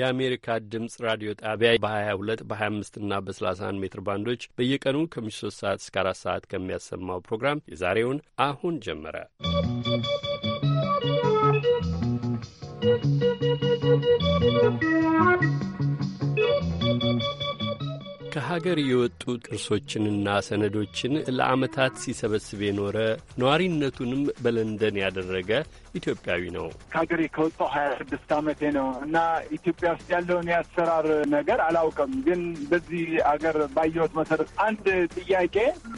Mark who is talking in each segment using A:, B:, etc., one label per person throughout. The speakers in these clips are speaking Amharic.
A: የአሜሪካ ድምጽ ራዲዮ ጣቢያ በ22 በ25 እና በ31 ሜትር ባንዶች በየቀኑ ከምሽቱ 3 ሰዓት እስከ 4 ሰዓት ከሚያሰማው ፕሮግራም የዛሬውን አሁን ጀመረ። ከሀገር የወጡ ቅርሶችንና ሰነዶችን ለዓመታት ሲሰበስብ የኖረ ነዋሪነቱንም በለንደን ያደረገ ኢትዮጵያዊ ነው።
B: ከሀገሬ ከወጣሁ ሀያ ስድስት ዓመቴ ነው እና ኢትዮጵያ ውስጥ ያለውን የአሰራር ነገር አላውቅም። ግን በዚህ አገር ባየሁት መሰረት አንድ ጥያቄ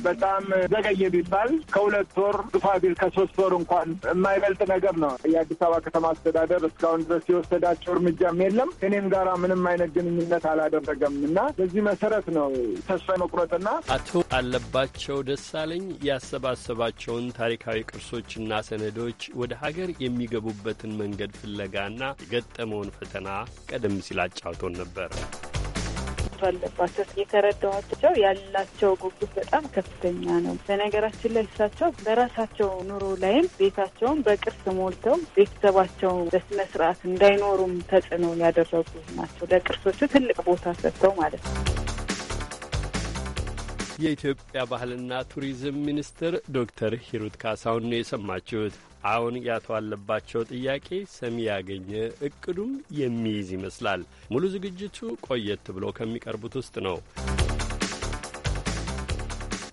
B: በጣም ዘገየ ቢባል ከሁለት ወር ግፋ ቢል ከሶስት ወር እንኳን የማይበልጥ ነገር ነው። የአዲስ አበባ ከተማ አስተዳደር እስካሁን ድረስ የወሰዳቸው እርምጃም የለም። እኔም ጋራ ምንም አይነት ግንኙነት አላደረገም እና በዚህ መሰረት ነው ተስፋ መቁረጥና
A: አቶ አለባቸው ደሳለኝ ያሰባሰባቸውን ታሪካዊ ቅርሶችና ሰነዶች ወደ ሀገር ሀገር የሚገቡበትን መንገድ ፍለጋና የገጠመውን ፈተና ቀደም ሲል አጫውቶን ነበር።
C: አለባቸው የተረዳኋቸው ያላቸው ጉጉት በጣም ከፍተኛ ነው። በነገራችን ላይ እሳቸው በራሳቸው ኑሮ ላይም ቤታቸውን በቅርስ ሞልተው ቤተሰባቸው በስነ ስርዓት እንዳይኖሩም ተጽዕኖ ያደረጉ ናቸው። ለቅርሶቹ ትልቅ ቦታ ሰጥተው ማለት ነው።
A: የኢትዮጵያ ባህልና ቱሪዝም ሚኒስትር ዶክተር ሂሩት ካሳውን ነው የሰማችሁት። አሁን ያቶ አለባቸው ጥያቄ ሰሚ ያገኘ እቅዱም የሚይዝ ይመስላል። ሙሉ ዝግጅቱ ቆየት ብሎ ከሚቀርቡት ውስጥ ነው።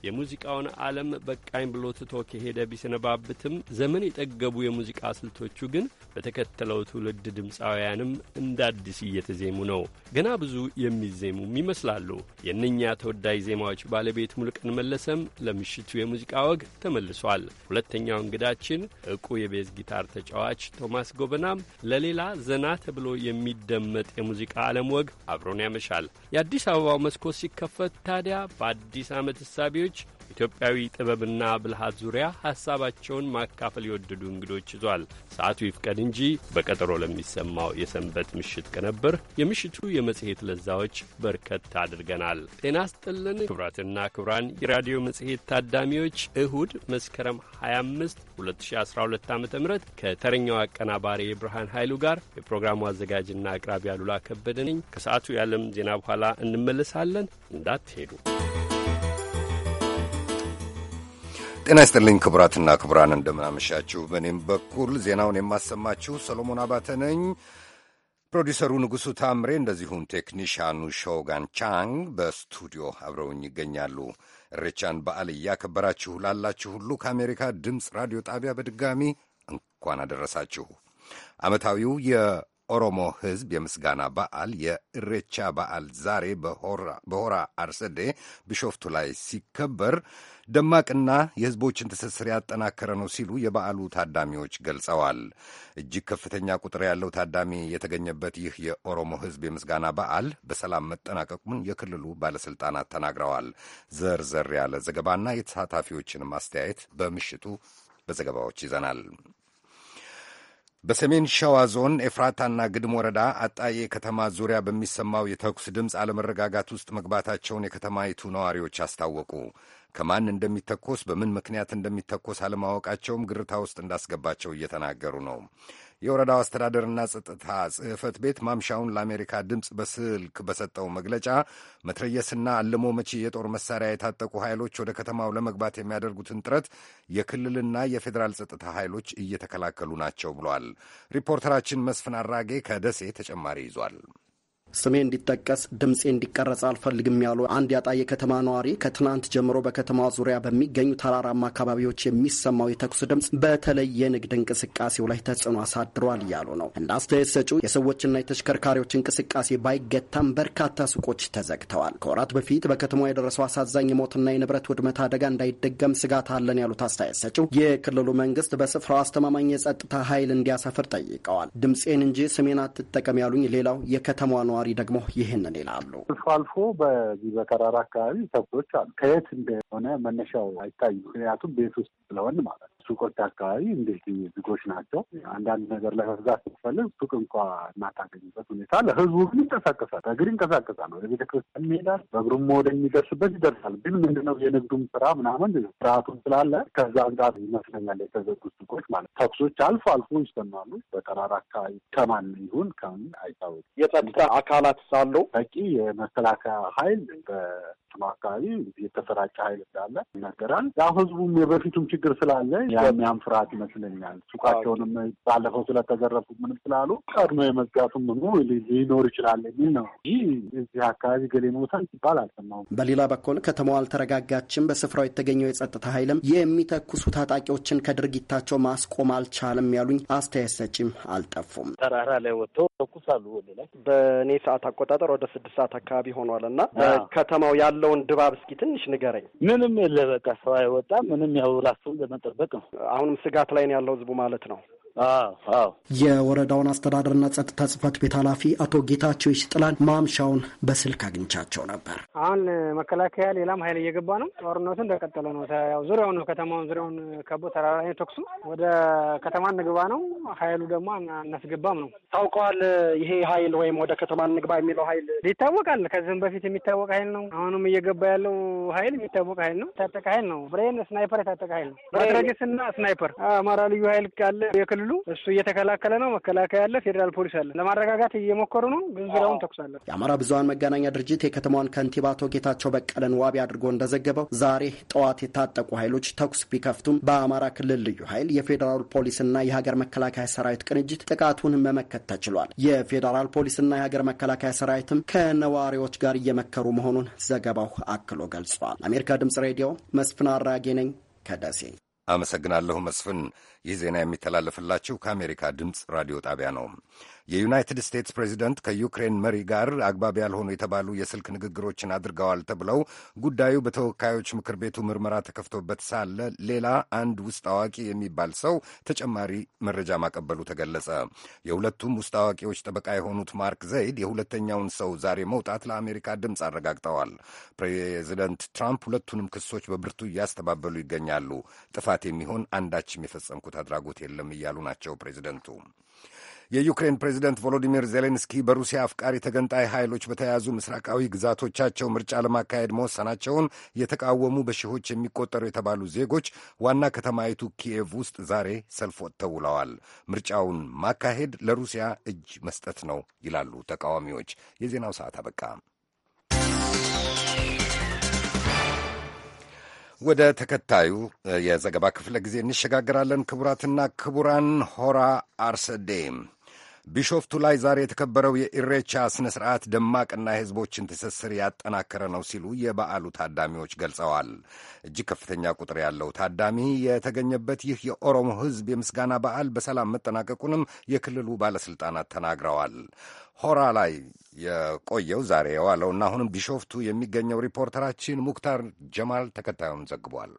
A: የሙዚቃውን ዓለም በቃኝ ብሎ ትቶ ከሄደ ቢሰነባብትም ዘመን የጠገቡ የሙዚቃ ስልቶቹ ግን በተከተለው ትውልድ ድምፃውያንም እንደ አዲስ እየተዜሙ ነው። ገና ብዙ የሚዜሙም ይመስላሉ። የእነኛ ተወዳጅ ዜማዎች ባለቤት ሙልቀን መለሰም ለምሽቱ የሙዚቃ ወግ ተመልሷል። ሁለተኛው እንግዳችን እቁ የቤዝ ጊታር ተጫዋች ቶማስ ጎበናም ለሌላ ዘና ተብሎ የሚደመጥ የሙዚቃ ዓለም ወግ አብሮን ያመሻል። የአዲስ አበባው መስኮት ሲከፈት ታዲያ በአዲስ ዓመት እሳቢዎች ኢትዮጵያዊ ጥበብና ብልሃት ዙሪያ ሐሳባቸውን ማካፈል የወደዱ እንግዶች ይዟል። ሰዓቱ ይፍቀድ እንጂ በቀጠሮ ለሚሰማው የሰንበት ምሽት ቅንብር የምሽቱ የመጽሔት ለዛዎች በርከት አድርገናል። ጤና ስጥልን ክቡራትና ክቡራን የራዲዮ መጽሔት ታዳሚዎች እሁድ መስከረም 25 2012 ዓ ም ከተረኛው አቀናባሪ የብርሃን ኃይሉ ጋር የፕሮግራሙ አዘጋጅና አቅራቢ አሉላ ከበደ ነኝ። ከሰዓቱ የዓለም ዜና በኋላ እንመለሳለን። እንዳትሄዱ
D: ጤና ይስጥልኝ ክቡራትና ክቡራን፣ እንደምናመሻችሁ። በእኔም በኩል ዜናውን የማሰማችሁ ሰሎሞን አባተ ነኝ። ፕሮዲሰሩ ንጉሡ ታምሬ፣ እንደዚሁም ቴክኒሽያኑ ሾጋን ቻንግ በስቱዲዮ አብረውኝ ይገኛሉ። እሬቻን በዓል እያከበራችሁ ላላችሁ ሁሉ ከአሜሪካ ድምፅ ራዲዮ ጣቢያ በድጋሚ እንኳን አደረሳችሁ። ዓመታዊው የኦሮሞ ሕዝብ የምስጋና በዓል የእሬቻ በዓል ዛሬ በሆራ አርሰዴ ቢሾፍቱ ላይ ሲከበር ደማቅና የሕዝቦችን ትስስር ያጠናከረ ነው ሲሉ የበዓሉ ታዳሚዎች ገልጸዋል። እጅግ ከፍተኛ ቁጥር ያለው ታዳሚ የተገኘበት ይህ የኦሮሞ ሕዝብ የምስጋና በዓል በሰላም መጠናቀቁን የክልሉ ባለሥልጣናት ተናግረዋል። ዘርዘር ያለ ዘገባና የተሳታፊዎችን አስተያየት በምሽቱ በዘገባዎች ይዘናል። በሰሜን ሸዋ ዞን ኤፍራታና ግድም ወረዳ አጣዬ ከተማ ዙሪያ በሚሰማው የተኩስ ድምፅ አለመረጋጋት ውስጥ መግባታቸውን የከተማይቱ ነዋሪዎች አስታወቁ። ከማን እንደሚተኮስ በምን ምክንያት እንደሚተኮስ አለማወቃቸውም ግርታ ውስጥ እንዳስገባቸው እየተናገሩ ነው። የወረዳው አስተዳደርና ጸጥታ ጽሕፈት ቤት ማምሻውን ለአሜሪካ ድምፅ በስልክ በሰጠው መግለጫ መትረየስና አልሞ መቺ የጦር መሳሪያ የታጠቁ ኃይሎች ወደ ከተማው ለመግባት የሚያደርጉትን ጥረት የክልልና የፌዴራል ጸጥታ ኃይሎች እየተከላከሉ ናቸው ብሏል። ሪፖርተራችን መስፍን አራጌ ከደሴ ተጨማሪ ይዟል። ስሜ እንዲጠቀስ ድምፄ እንዲቀረጽ አልፈልግም ያሉ አንድ ያጣዬ ከተማ ነዋሪ ከትናንት ጀምሮ
E: በከተማዋ ዙሪያ በሚገኙ ተራራማ አካባቢዎች የሚሰማው የተኩስ ድምፅ በተለይ የንግድ እንቅስቃሴው ላይ ተጽዕኖ አሳድሯል እያሉ ነው። እንደ አስተያየት ሰጪው የሰዎችና የተሽከርካሪዎች እንቅስቃሴ ባይገታም በርካታ ሱቆች ተዘግተዋል። ከወራት በፊት በከተማ የደረሰው አሳዛኝ የሞትና የንብረት ውድመት አደጋ እንዳይደገም ስጋት አለን ያሉት አስተያየት ሰጪው የክልሉ መንግስት በስፍራው አስተማማኝ የጸጥታ ኃይል እንዲያሰፍር ጠይቀዋል። ድምፄን እንጂ ስሜን አትጠቀም ያሉኝ ሌላው የከተማ ነዋሪ ነዋሪ ደግሞ ይህንን ይላሉ።
F: አልፎ አልፎ በዚህ በተራራ አካባቢ ተብሎች አሉ። ከየት እንደሆነ መነሻው አይታይም። ምክንያቱም ቤት ውስጥ ስለሆን ማለት ነው። ሱቆች አካባቢ እንደዚህ ዝጎች ናቸው። አንዳንድ ነገር ላይ መግዛት ስትፈልግ ሱቅ እንኳ የማታገኝበት ሁኔታ ለህዝቡ ግን ይንቀሳቀሳል። እግር ይንቀሳቀሳል፣ ወደ ቤተክርስቲያን ይሄዳል፣ በእግሩም የሚደርስበት ይደርሳል። ግን ምንድነው የንግዱም ስራ ምናምን ስርአቱን ስላለ ከዛ አንጻር ይመስለኛል የተዘጉ ሱቆች ማለት ተኩሶች አልፎ አልፎ ይሰማሉ። በጠራራ አካባቢ ከማን ይሁን ከምን አይታወቅም። የጸጥታ አካላት ሳሉ በቂ የመከላከያ ኃይል በ አካባቢ የተሰራጨ ኃይል እንዳለ ይነገራል። ያው ህዝቡም የበፊቱም ችግር ስላለ የሚያም ያም ፍርሃት ይመስለኛል። ሱቃቸውንም ባለፈው ስለተዘረፉ ምንም ስላሉ ቀድሞ የመዝጋቱ ምኑ ሊኖር ይችላል
E: የሚል ነው። ይህ እዚህ አካባቢ ገሌ ሞታል ሲባል አልሰማሁም። በሌላ በኩል ከተማዋ አልተረጋጋችም። በስፍራው የተገኘው የጸጥታ ኃይልም የሚተኩሱ ታጣቂዎችን ከድርጊታቸው ማስቆም አልቻለም ያሉኝ አስተያየት ሰጪም አልጠፉም። ተራራ ላይ ወጥተው ተኩሳሉ። ወደ ላይ በእኔ ሰዓት አቆጣጠር ወደ ስድስት ሰዓት አካባቢ ሆኗል እና ከተማው ያለውን ድባብ እስኪ ትንሽ ንገረኝ። ምንም የለ በቃ ሰው አይወጣም። ምንም ያው ራሱን ለመጠበቅ ነው አሁንም ስጋት ላይ ነው ያለው ህዝቡ ማለት ነው። የወረዳውን አስተዳደርና ጸጥታ ጽህፈት ቤት ኃላፊ አቶ ጌታቸው ይሽጥላን ማምሻውን በስልክ አግኝቻቸው ነበር።
G: አሁን መከላከያ ሌላም ኃይል እየገባ ነው። ጦርነቱ እንደቀጠለ ነው። ያው ዙሪያውን ነው ከተማውን ዙሪያውን ከቦ ተራራ ተኩሱ ወደ ከተማ እንግባ ነው። ኃይሉ ደግሞ አናስገባም ነው። ታውቀዋል። ይሄ ኃይል ወይም ወደ ከተማ እንግባ የሚለው ኃይል ይታወቃል። ከዚህም በፊት የሚታወቅ ኃይል ነው። አሁንም እየገባ ያለው ኃይል የሚታወቅ ኃይል ነው። የታጠቀ ኃይል ነው። ብሬን ስናይፐር የታጠቀ ኃይል ነው። ማድረጅስና ስናይፐር አማራ ልዩ ኃይል ካለ የክልሉ ክልሉ እሱ እየተከላከለ ነው። መከላከያ አለ፣ ፌዴራል ፖሊስ አለ። ለማረጋጋት እየሞከሩ ነው፣ ግን ዙሪያውን ተኩስ አለ።
E: የአማራ ብዙሀን መገናኛ ድርጅት የከተማዋን ከንቲባ አቶ ጌታቸው በቀለን ዋቢ አድርጎ እንደዘገበው ዛሬ ጠዋት የታጠቁ ኃይሎች ተኩስ ቢከፍቱም በአማራ ክልል ልዩ ኃይል፣ የፌዴራል ፖሊስና የሀገር መከላከያ ሰራዊት ቅንጅት ጥቃቱን መመከት ተችሏል። የፌዴራል ፖሊስና የሀገር መከላከያ ሰራዊትም ከነዋሪዎች ጋር እየመከሩ መሆኑን ዘገባው አክሎ ገልጿል። ለአሜሪካ ድምጽ ሬዲዮ መስፍን አራጌ ነኝ ከደሴ
D: አመሰግናለሁ መስፍን። ይህ ዜና የሚተላለፍላችሁ ከአሜሪካ ድምፅ ራዲዮ ጣቢያ ነው። የዩናይትድ ስቴትስ ፕሬዚደንት ከዩክሬን መሪ ጋር አግባብ ያልሆኑ የተባሉ የስልክ ንግግሮችን አድርገዋል ተብለው ጉዳዩ በተወካዮች ምክር ቤቱ ምርመራ ተከፍቶበት ሳለ ሌላ አንድ ውስጥ አዋቂ የሚባል ሰው ተጨማሪ መረጃ ማቀበሉ ተገለጸ። የሁለቱም ውስጥ አዋቂዎች ጠበቃ የሆኑት ማርክ ዘይድ የሁለተኛውን ሰው ዛሬ መውጣት ለአሜሪካ ድምፅ አረጋግጠዋል። ፕሬዚደንት ትራምፕ ሁለቱንም ክሶች በብርቱ እያስተባበሉ ይገኛሉ። ጥፋት የሚሆን አንዳችም የፈጸምኩት አድራጎት የለም እያሉ ናቸው ፕሬዚደንቱ። የዩክሬን ፕሬዚደንት ቮሎዲሚር ዜሌንስኪ በሩሲያ አፍቃሪ ተገንጣይ ኃይሎች በተያዙ ምስራቃዊ ግዛቶቻቸው ምርጫ ለማካሄድ መወሰናቸውን የተቃወሙ በሺዎች የሚቆጠሩ የተባሉ ዜጎች ዋና ከተማይቱ ኪየቭ ውስጥ ዛሬ ሰልፍ ወጥተው ውለዋል። ምርጫውን ማካሄድ ለሩሲያ እጅ መስጠት ነው ይላሉ ተቃዋሚዎች። የዜናው ሰዓት አበቃ። ወደ ተከታዩ የዘገባ ክፍለ ጊዜ እንሸጋግራለን። ክቡራትና ክቡራን ሆራ አርሰዴም ቢሾፍቱ ላይ ዛሬ የተከበረው የኢሬቻ ስነ ስርዓት ደማቅና የህዝቦችን ትስስር ያጠናከረ ነው ሲሉ የበዓሉ ታዳሚዎች ገልጸዋል። እጅግ ከፍተኛ ቁጥር ያለው ታዳሚ የተገኘበት ይህ የኦሮሞ ህዝብ የምስጋና በዓል በሰላም መጠናቀቁንም የክልሉ ባለስልጣናት ተናግረዋል። ሆራ ላይ የቆየው ዛሬ የዋለውና አሁንም ቢሾፍቱ የሚገኘው ሪፖርተራችን ሙክታር ጀማል ተከታዩን ዘግቧል።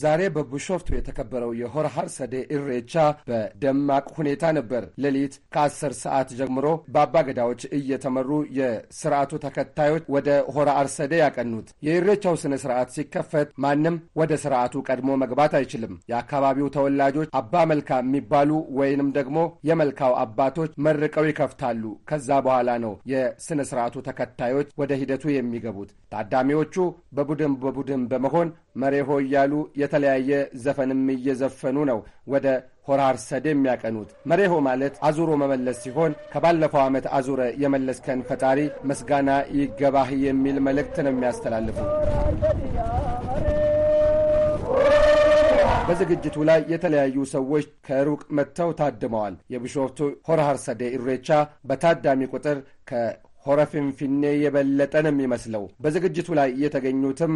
H: ዛሬ በቡሾፍቱ የተከበረው የሆረ ሐርሰዴ ኢሬቻ በደማቅ ሁኔታ ነበር። ሌሊት ከአስር ሰዓት ጀምሮ በአባገዳዎች እየተመሩ የስርዓቱ ተከታዮች ወደ ሆረ አርሰዴ ያቀኑት። የኢሬቻው ስነ ስርዓት ሲከፈት ማንም ወደ ስርዓቱ ቀድሞ መግባት አይችልም። የአካባቢው ተወላጆች አባ መልካ የሚባሉ ወይንም ደግሞ የመልካው አባቶች መርቀው ይከፍታሉ። ከዛ በኋላ ነው የስነ ስርዓቱ ተከታዮች ወደ ሂደቱ የሚገቡት። ታዳሚዎቹ በቡድን በቡድን በመሆን መሬሆ እያሉ የተለያየ ዘፈንም እየዘፈኑ ነው ወደ ሆራ አርሰድ የሚያቀኑት። መሬሆ ማለት አዙሮ መመለስ ሲሆን ከባለፈው ዓመት አዙረ የመለስከን ፈጣሪ ምስጋና ይገባህ የሚል መልእክት ነው የሚያስተላልፉ። በዝግጅቱ ላይ የተለያዩ ሰዎች ከሩቅ መጥተው ታድመዋል። የቢሾፍቱ ሆራ ሰዴ ኢሬቻ በታዳሚ ቁጥር ከሆረፊንፊኔ የበለጠ ነው የሚመስለው። በዝግጅቱ ላይ የተገኙትም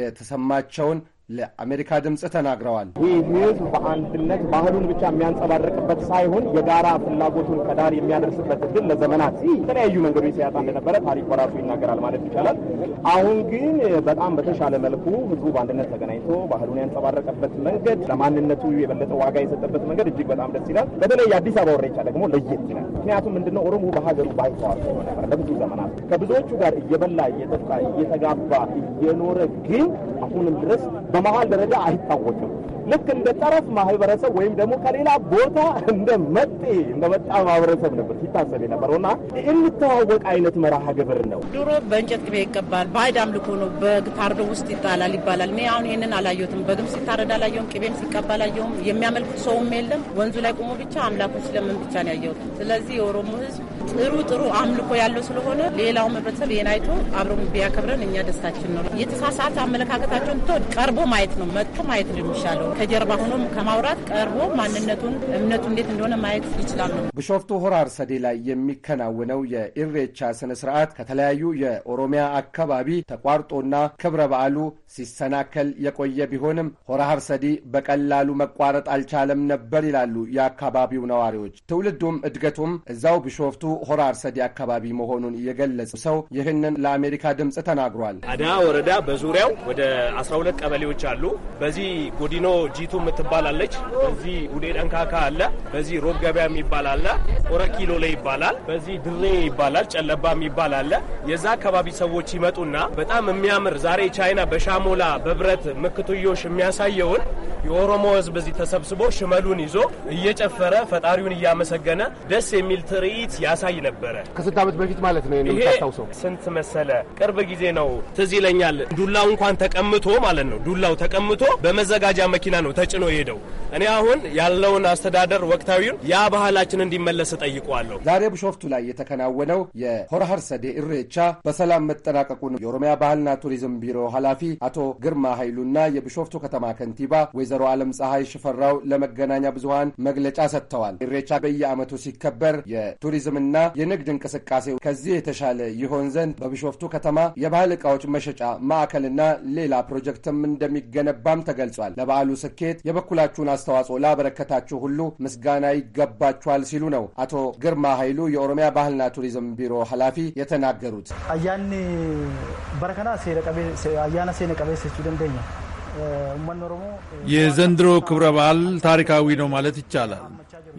H: የተሰማቸውን ለአሜሪካ ድምፅ ተናግረዋል። ይህ ህዝብ በአንድነት ባህሉን ብቻ የሚያንጸባርቅበት
I: ሳይሆን የጋራ ፍላጎቱን ከዳር የሚያደርስበት እድል ለዘመናት የተለያዩ መንገዶች ሲያጣ እንደነበረ ታሪክ በራሱ ይናገራል ማለት ይቻላል። አሁን ግን በጣም በተሻለ መልኩ ህዝቡ በአንድነት ተገናኝቶ ባህሉን ያንጸባረቀበት መንገድ፣ ለማንነቱ የበለጠ ዋጋ የሰጠበት መንገድ እጅግ በጣም ደስ ይላል። በተለይ የአዲስ አበባ ወሬቻ ደግሞ ለየት ይላል። ምክንያቱም ምንድነው ኦሮሞ በሀገሩ ባይተዋር ነበር ለብዙ ዘመናት ከብዙዎቹ ጋር እየበላ እየጠጣ እየተጋባ እየኖረ ግን አሁንም ድረስ በመሀል ደረጃ አይታወቅም። ልክ እንደ ጠረፍ ማህበረሰብ ወይም ደግሞ ከሌላ ቦታ እንደ መጤ እንደ መጣ ማህበረሰብ ነበር ሲታሰብ የነበረው እና የምተዋወቅ አይነት መርሃ ግብር ነው።
J: ድሮ በእንጨት ቅቤ ይቀባል፣ በአይድ አምልኮ ነው። በግ ታርዶ ውስጥ ይጣላል ይባላል። እኔ አሁን ይህንን አላየሁትም። በግም ሲታረድ አላየሁም፣ ቅቤም ሲቀባ አላየሁም። የሚያመልክ ሰውም የለም። ወንዙ ላይ ቆሞ ብቻ አምላኩ ስለምን ብቻ ነው ያየሁት። ስለዚህ የኦሮሞ ህዝብ ጥሩ ጥሩ አምልኮ ያለው ስለሆነ ሌላው ህብረተሰብ ይህን አይቶ አብሮ ቢያከብረን እኛ ደስታችን ነው። የተሳሳተ አመለካከታቸውን ቀርቦ ማየት ነው መጥቶ ማየት ነው የሚሻለው። ከጀርባ ሆኖም ከማውራት ቀርቦ ማንነቱን እምነቱ እንዴት እንደሆነ ማየት ይችላሉ።
H: ቢሾፍቱ ሆራር ሰዴ ላይ የሚከናወነው የኢሬቻ ስነ ስርዓት ከተለያዩ የኦሮሚያ አካባቢ ተቋርጦና ክብረ በዓሉ ሲሰናከል የቆየ ቢሆንም ሆራ ሀብሰዲ በቀላሉ መቋረጥ አልቻለም ነበር ይላሉ የአካባቢው ነዋሪዎች። ትውልዱም እድገቱም እዛው ቢሾፍቱ ሆራ ሰዲ አካባቢ መሆኑን የገለጸ ሰው ይህንን ለአሜሪካ ድምፅ ተናግሯል። አዳ ወረዳ በዙሪያው
K: ወደ 12 ቀበሌዎች አሉ። በዚህ ጎዲኖ ጂቱ የምትባላለች፣ በዚህ ውዴ ደንካካ አለ፣ በዚህ ሮብ ገበያ የሚባል አለ፣ ኪሎ ላይ ይባላል፣ በዚህ ድሬ ይባላል፣ ጨለባ የሚባል አለ። የዛ አካባቢ ሰዎች ይመጡና በጣም የሚያምር ዛሬ ቻይና በሻ በአሞላ በብረት ምክትዮሽ የሚያሳየውን የኦሮሞ ህዝብ እዚህ ተሰብስቦ ሽመሉን ይዞ እየጨፈረ ፈጣሪውን እያመሰገነ ደስ የሚል ትርኢት ያሳይ ነበረ።
H: ከስንት ዓመት በፊት ማለት ነው ይሄ
K: ስንት መሰለ፣ ቅርብ ጊዜ ነው ትዝ ይለኛል። ዱላው እንኳን ተቀምቶ ማለት ነው ዱላው ተቀምቶ በመዘጋጃ መኪና ነው ተጭኖ ሄደው። እኔ አሁን ያለውን አስተዳደር ወቅታዊውን ያ ባህላችን እንዲመለስ ጠይቀዋለሁ።
H: ዛሬ ብሾፍቱ ላይ የተከናወነው የሆረ ሐርሰዴ ኢሬቻ በሰላም መጠናቀቁን የኦሮሚያ ባህልና ቱሪዝም ቢሮ ኃላፊ አቶ ግርማ ኃይሉና የቢሾፍቱ ከተማ ከንቲባ ወይዘሮ ዓለም ፀሐይ ሽፈራው ለመገናኛ ብዙሃን መግለጫ ሰጥተዋል። ኢሬቻ በየዓመቱ ሲከበር የቱሪዝምና የንግድ እንቅስቃሴ ከዚህ የተሻለ ይሆን ዘንድ በቢሾፍቱ ከተማ የባህል ዕቃዎች መሸጫ ማዕከልና ሌላ ፕሮጀክትም እንደሚገነባም ተገልጿል። ለበዓሉ ስኬት የበኩላችሁን አስተዋጽኦ ላበረከታችሁ ሁሉ ምስጋና ይገባችኋል ሲሉ ነው አቶ ግርማ ኃይሉ የኦሮሚያ ባህልና ቱሪዝም ቢሮ ኃላፊ የተናገሩት።
E: አያኔ በረከና አያና ሴነ
L: የዘንድሮ ክብረ በዓል ታሪካዊ ነው ማለት ይቻላል።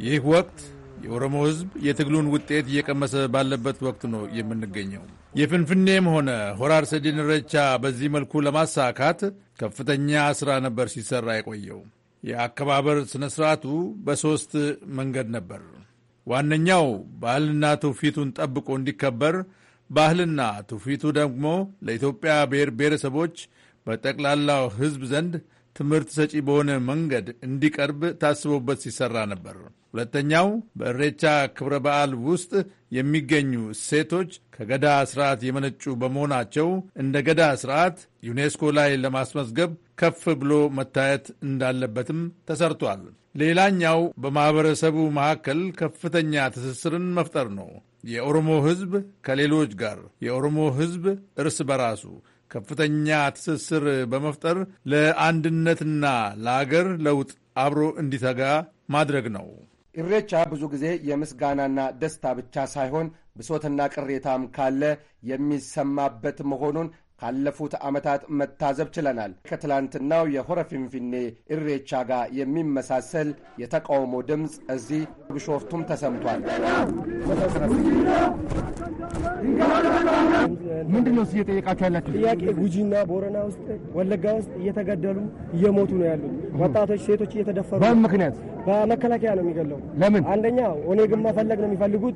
L: ይህ ወቅት የኦሮሞ ሕዝብ የትግሉን ውጤት እየቀመሰ ባለበት ወቅት ነው የምንገኘው። የፍንፍኔም ሆነ ሆራር ሰዲን ረቻ በዚህ መልኩ ለማሳካት ከፍተኛ ሥራ ነበር ሲሠራ የቆየው። የአከባበር ሥነ ሥርዓቱ በሦስት መንገድ ነበር። ዋነኛው ባህልና ትውፊቱን ጠብቆ እንዲከበር፣ ባህልና ትውፊቱ ደግሞ ለኢትዮጵያ ብሔር ብሔረሰቦች በጠቅላላው ሕዝብ ዘንድ ትምህርት ሰጪ በሆነ መንገድ እንዲቀርብ ታስቦበት ሲሰራ ነበር። ሁለተኛው በእሬቻ ክብረ በዓል ውስጥ የሚገኙ እሴቶች ከገዳ ስርዓት የመነጩ በመሆናቸው እንደ ገዳ ስርዓት ዩኔስኮ ላይ ለማስመዝገብ ከፍ ብሎ መታየት እንዳለበትም ተሰርቷል። ሌላኛው በማኅበረሰቡ መካከል ከፍተኛ ትስስርን መፍጠር ነው። የኦሮሞ ሕዝብ ከሌሎች ጋር፣ የኦሮሞ ሕዝብ እርስ በራሱ ከፍተኛ ትስስር በመፍጠር ለአንድነትና ለአገር ለውጥ አብሮ እንዲተጋ ማድረግ ነው።
H: ኢሬቻ ብዙ ጊዜ የምስጋናና ደስታ ብቻ ሳይሆን ብሶትና ቅሬታም ካለ የሚሰማበት መሆኑን ካለፉት ዓመታት መታዘብ ችለናል። ከትላንትናው የሆረ ፊንፊኔ ኢሬቻ ጋር የሚመሳሰል የተቃውሞ ድምፅ እዚህ ብሾፍቱም ተሰምቷል። ምንድን ነው እየጠየቃችሁ ያላችሁ ጥያቄ? ጉጂና ቦረና ውስጥ ወለጋ ውስጥ እየተገደሉ
G: እየሞቱ ነው ያሉት ወጣቶች፣ ሴቶች እየተደፈሩ በምን ምክንያት? በመከላከያ ነው የሚገለው። ለምን? አንደኛ ኦኔግን መፈለግ ነው የሚፈልጉት።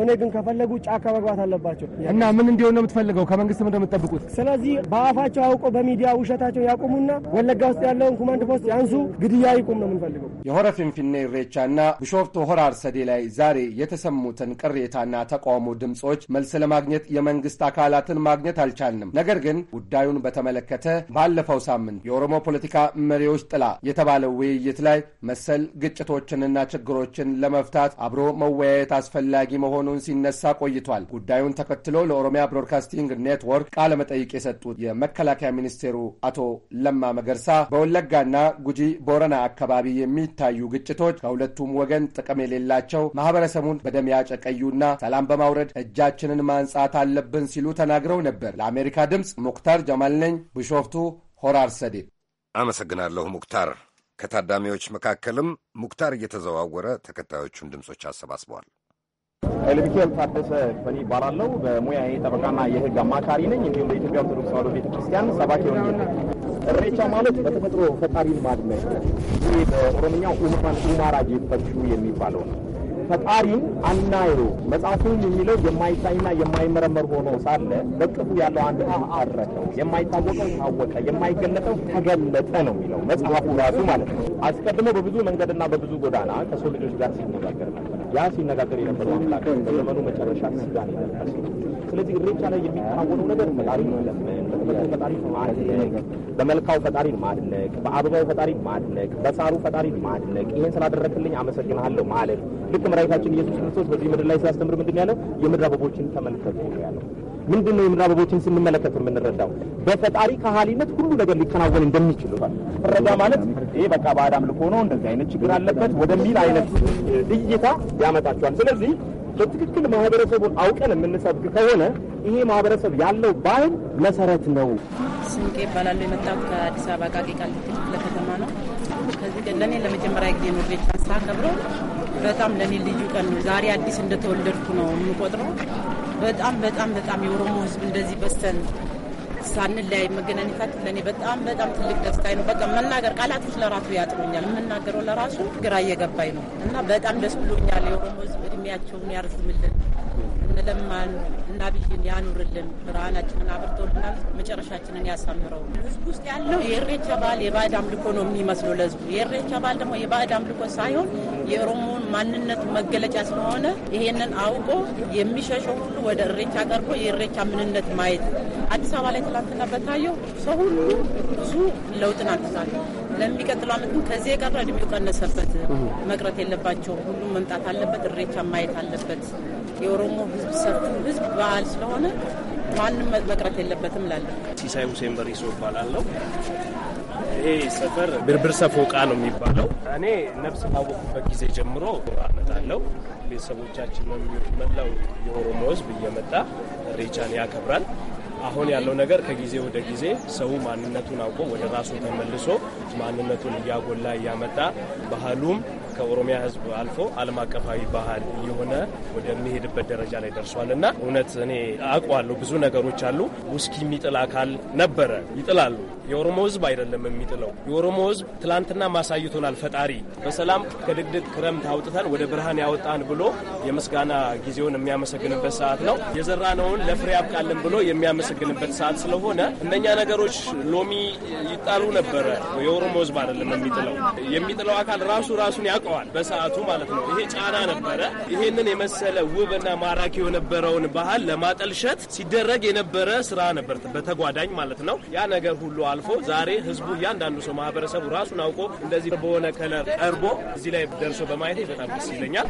G: ኦኔግን ከፈለጉ ጫካ መግባት አለባቸው። እና ምን እንዲሆን ነው የምትፈልገው? ከመንግስት ምንድን ነው የምትጠብቁት? ስለዚህ በአፋቸው አውቆ በሚዲያ ውሸታቸው ያቁሙና ወለጋ ውስጥ ያለውን ኮማንድ ፖስት ያንሱ፣ ግድያ ይቁም ነው የምንፈልገው።
H: የሆረ ፊንፊኔ ሬቻና ቢሾፍቱ ሆራ አርሰዴ ላይ ዛሬ የተሰሙትን ቅሬታና ተቃውሞ ድምጾች መልስ ለማግኘት የመንግስት አካል አካላትን ማግኘት አልቻልንም። ነገር ግን ጉዳዩን በተመለከተ ባለፈው ሳምንት የኦሮሞ ፖለቲካ መሪዎች ጥላ የተባለው ውይይት ላይ መሰል ግጭቶችንና ችግሮችን ለመፍታት አብሮ መወያየት አስፈላጊ መሆኑን ሲነሳ ቆይቷል። ጉዳዩን ተከትሎ ለኦሮሚያ ብሮድካስቲንግ ኔትወርክ ቃለ መጠይቅ የሰጡት የመከላከያ ሚኒስቴሩ አቶ ለማ መገርሳ በወለጋና ጉጂ ቦረና አካባቢ የሚታዩ ግጭቶች ከሁለቱም ወገን ጥቅም የሌላቸው ማህበረሰቡን በደም ያጨቀዩና ሰላም በማውረድ እጃችንን ማንጻት አለብን ሲሉ ተናግረው ነበር። ለአሜሪካ ድምፅ ሙክታር ጀማል ነኝ፣ ቢሾፍቱ ሆራር ሰዴ
D: አመሰግናለሁ ሙክታር። ከታዳሚዎች መካከልም ሙክታር እየተዘዋወረ ተከታዮቹን ድምፆች አሰባስበዋል።
I: ልብኪኤል ታደሰ በኔ ይባላለው። በሙያዬ ጠበቃና የህግ አማካሪ ነኝ። እንዲሁም በኢትዮጵያ ኦርቶዶክስ ተዋሕዶ ቤተክርስቲያን ሰባኪ ሆኜ እሬቻ ማለት በተፈጥሮ ፈጣሪን ማድመቅ ይህ በኦሮምኛው ኡማራጅ ፈቹ የሚባለው ነው። ፈጣሪን አናየው። መጽሐፉም የሚለው የማይታይና የማይመረመር ሆኖ ሳለ በቅፉ ያለው አንድ አረከው፣ የማይታወቀው ታወቀ፣ የማይገለጠው ተገለጠ ነው የሚለው መጽሐፉ ራሱ ማለት ነው። አስቀድሞ በብዙ መንገድና በብዙ ጎዳና ከሰው ልጆች ጋር ሲነጋገር ነበር። ያ ሲነጋገር የነበረው አምላክ በዘመኑ መጨረሻ ስጋን ይለበስ ስለዚህ እሬቻ ላይ የሚከናወነው ነገር ፈጣሪ ፈጣሪ ማድነቅ፣ በመልካው ፈጣሪ ማድነቅ፣ በአበባው ፈጣሪ ማድነቅ፣ በሳሩ ፈጣሪ ማድነቅ፣ ይህን ስላደረክልኝ አመሰግናለሁ ማለት ልክ መድኃኒታችን ኢየሱስ ክርስቶስ በዚህ ምድር ላይ ሲያስተምር ምንድን ያለው የምድር አበቦችን ተመልከቱ ያለው ምንድን ነው? የምድር አበቦችን ስንመለከት የምንረዳው በፈጣሪ ከሃሊነት ሁሉ ነገር ሊከናወን እንደሚችል ረዳ ማለት ይህ በቃ በአዳም ልኮ ነው እንደዚህ አይነት ችግር አለበት ወደሚል አይነት እይታ ያመጣቸዋል። ስለዚህ በትክክል ማህበረሰቡን አውቀን የምንሰብክ ከሆነ ይሄ ማህበረሰብ ያለው ባህል መሰረት ነው።
J: ስንቄ ይባላሉ። የመጣሁት ከአዲስ አበባ ቃቂ ቃሊቲ ክፍለ ከተማ ነው። ከዚህ ቀን ለእኔ ለመጀመሪያ ጊዜ ነው ኢሬቻን ሳከብረው። በጣም ለእኔ ልዩ ቀን ነው። ዛሬ አዲስ እንደተወለድኩ ነው የምቆጥረው። በጣም በጣም በጣም የኦሮሞ ህዝብ እንደዚህ በስተን ሳንለያይ መገናኘታችን ለእኔ በጣም በጣም ትልቅ ደስታ ነው። በቃ መናገር ቃላቶች ለራሱ ያጥሩኛል። የምናገረው ለራሱ ግራ እየገባኝ ነው እና በጣም ደስ ብሎኛል። የኦሮሞ ህዝብ እድሜያቸውን ያርዝምልን እንለማን እና ብይን ያኑርልን፣ ብርሃናችንን አብርቶልናል፣ መጨረሻችንን ያሳምረው። ህዝብ ውስጥ ያለው የእሬቻ በዓል የባዕድ አምልኮ ነው የሚመስለው ለህዝቡ። የእሬቻ በዓል ደግሞ የባዕድ አምልኮ ሳይሆን የኦሮሞን ማንነት መገለጫ ስለሆነ ይሄንን አውቆ የሚሸሸው ሁሉ ወደ እሬቻ ቀርቦ የእሬቻ ምንነት ማየት አዲስ አበባ ላይ ትላንትና በታየው ሰው ሁሉ ብዙ ለውጥን አምጥቷል። ለሚቀጥለው ዓመት ግን ከዚህ የቀረ እድሜው ቀነሰበት። መቅረት የለባቸው ሁሉም መምጣት አለበት። እሬቻ ማየት አለበት። የኦሮሞ ህዝብ ሰርቱ ህዝብ ባህል ስለሆነ ማንም መቅረት የለበትም ላለ ሲሳይ ሁሴን በሪሶ ይባላለሁ።
K: ይሄ ሰፈር ብርብር ሰፎቃ ነው የሚባለው። እኔ ነብስ ባወቁበት ጊዜ ጀምሮ አመጣለሁ። ቤተሰቦቻችንም መላው የኦሮሞ ህዝብ እየመጣ ሬቻን ያከብራል። አሁን ያለው ነገር ከጊዜ ወደ ጊዜ ሰው ማንነቱን አውቆ ወደ ራሱ ተመልሶ ማንነቱን እያጎላ እያመጣ ባህሉም ከኦሮሚያ ህዝብ አልፎ ዓለም አቀፋዊ ባህል የሆነ ወደሚሄድበት ደረጃ ላይ ደርሷል እና እውነት እኔ አውቀዋለሁ። ብዙ ነገሮች አሉ። ውስኪ የሚጥል አካል ነበረ፣ ይጥላሉ። የኦሮሞ ህዝብ አይደለም የሚጥለው። የኦሮሞ ህዝብ ትላንትና ማሳይቶናል። ፈጣሪ በሰላም ከድቅድቅ ክረምት አውጥተን ወደ ብርሃን ያወጣን ብሎ የምስጋና ጊዜውን የሚያመሰግንበት ሰዓት ነው። የዘራነውን ለፍሬ ያብቃልን ብሎ የሚያመሰግንበት ሰዓት ስለሆነ እነኛ ነገሮች ሎሚ ይጣሉ ነበረ። የኦሮሞ ህዝብ አይደለም የሚጥለው። የሚጥለው አካል ራሱ ራሱን ያውቀ አውቀዋል፣ በሰዓቱ ማለት ነው። ይሄ ጫና ነበረ። ይሄንን የመሰለ ውብና ማራኪ የነበረውን ባህል ለማጠልሸት ሲደረግ የነበረ ስራ ነበር፣ በተጓዳኝ ማለት ነው። ያ ነገር ሁሉ አልፎ ዛሬ ህዝቡ፣ እያንዳንዱ ሰው ማህበረሰቡ ራሱን አውቆ እንደዚህ በሆነ ከለር ቀርቦ እዚህ ላይ ደርሶ በማየት በጣም ደስ ይለኛል።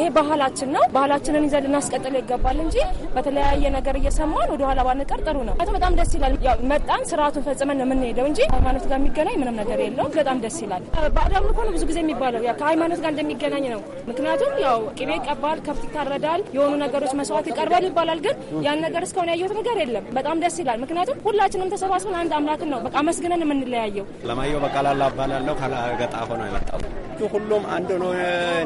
J: ይሄ ባህላችን ነው። ባህላችንን ይዘን ልናስቀጥል ይገባል እንጂ በተለያየ ነገር እየሰማን ወደኋላ ባንቀር ጥሩ ነው። በጣም ደስ ይላል። መጣን ስርዓቱን ፈጽመን የምንሄደው እንጂ ሃይማኖት ጋር የሚገናኝ ምንም ነገር የለውም። በጣም ደስ ይላል። በአዳም ልኮ ነው ብዙ ጊዜ የሚባለው ከሃይማኖት ጋር እንደሚገናኝ ነው። ምክንያቱም ያው ቅቤ ይቀባል፣ ከብት ይታረዳል፣ የሆኑ ነገሮች መስዋዕት ይቀርባል ይባላል። ግን ያን ነገር እስካሁን ያየሁት ነገር የለም። በጣም ደስ ይላል። ምክንያቱም ሁላችንም ተሰባስበን አንድ አምላክን ነው በቃ መስግነን የምንለያየው።
K: ለማየው በቃላላ እባላለሁ። ከገጣ ሆነ የመጣው ሁሉም አንድ ነው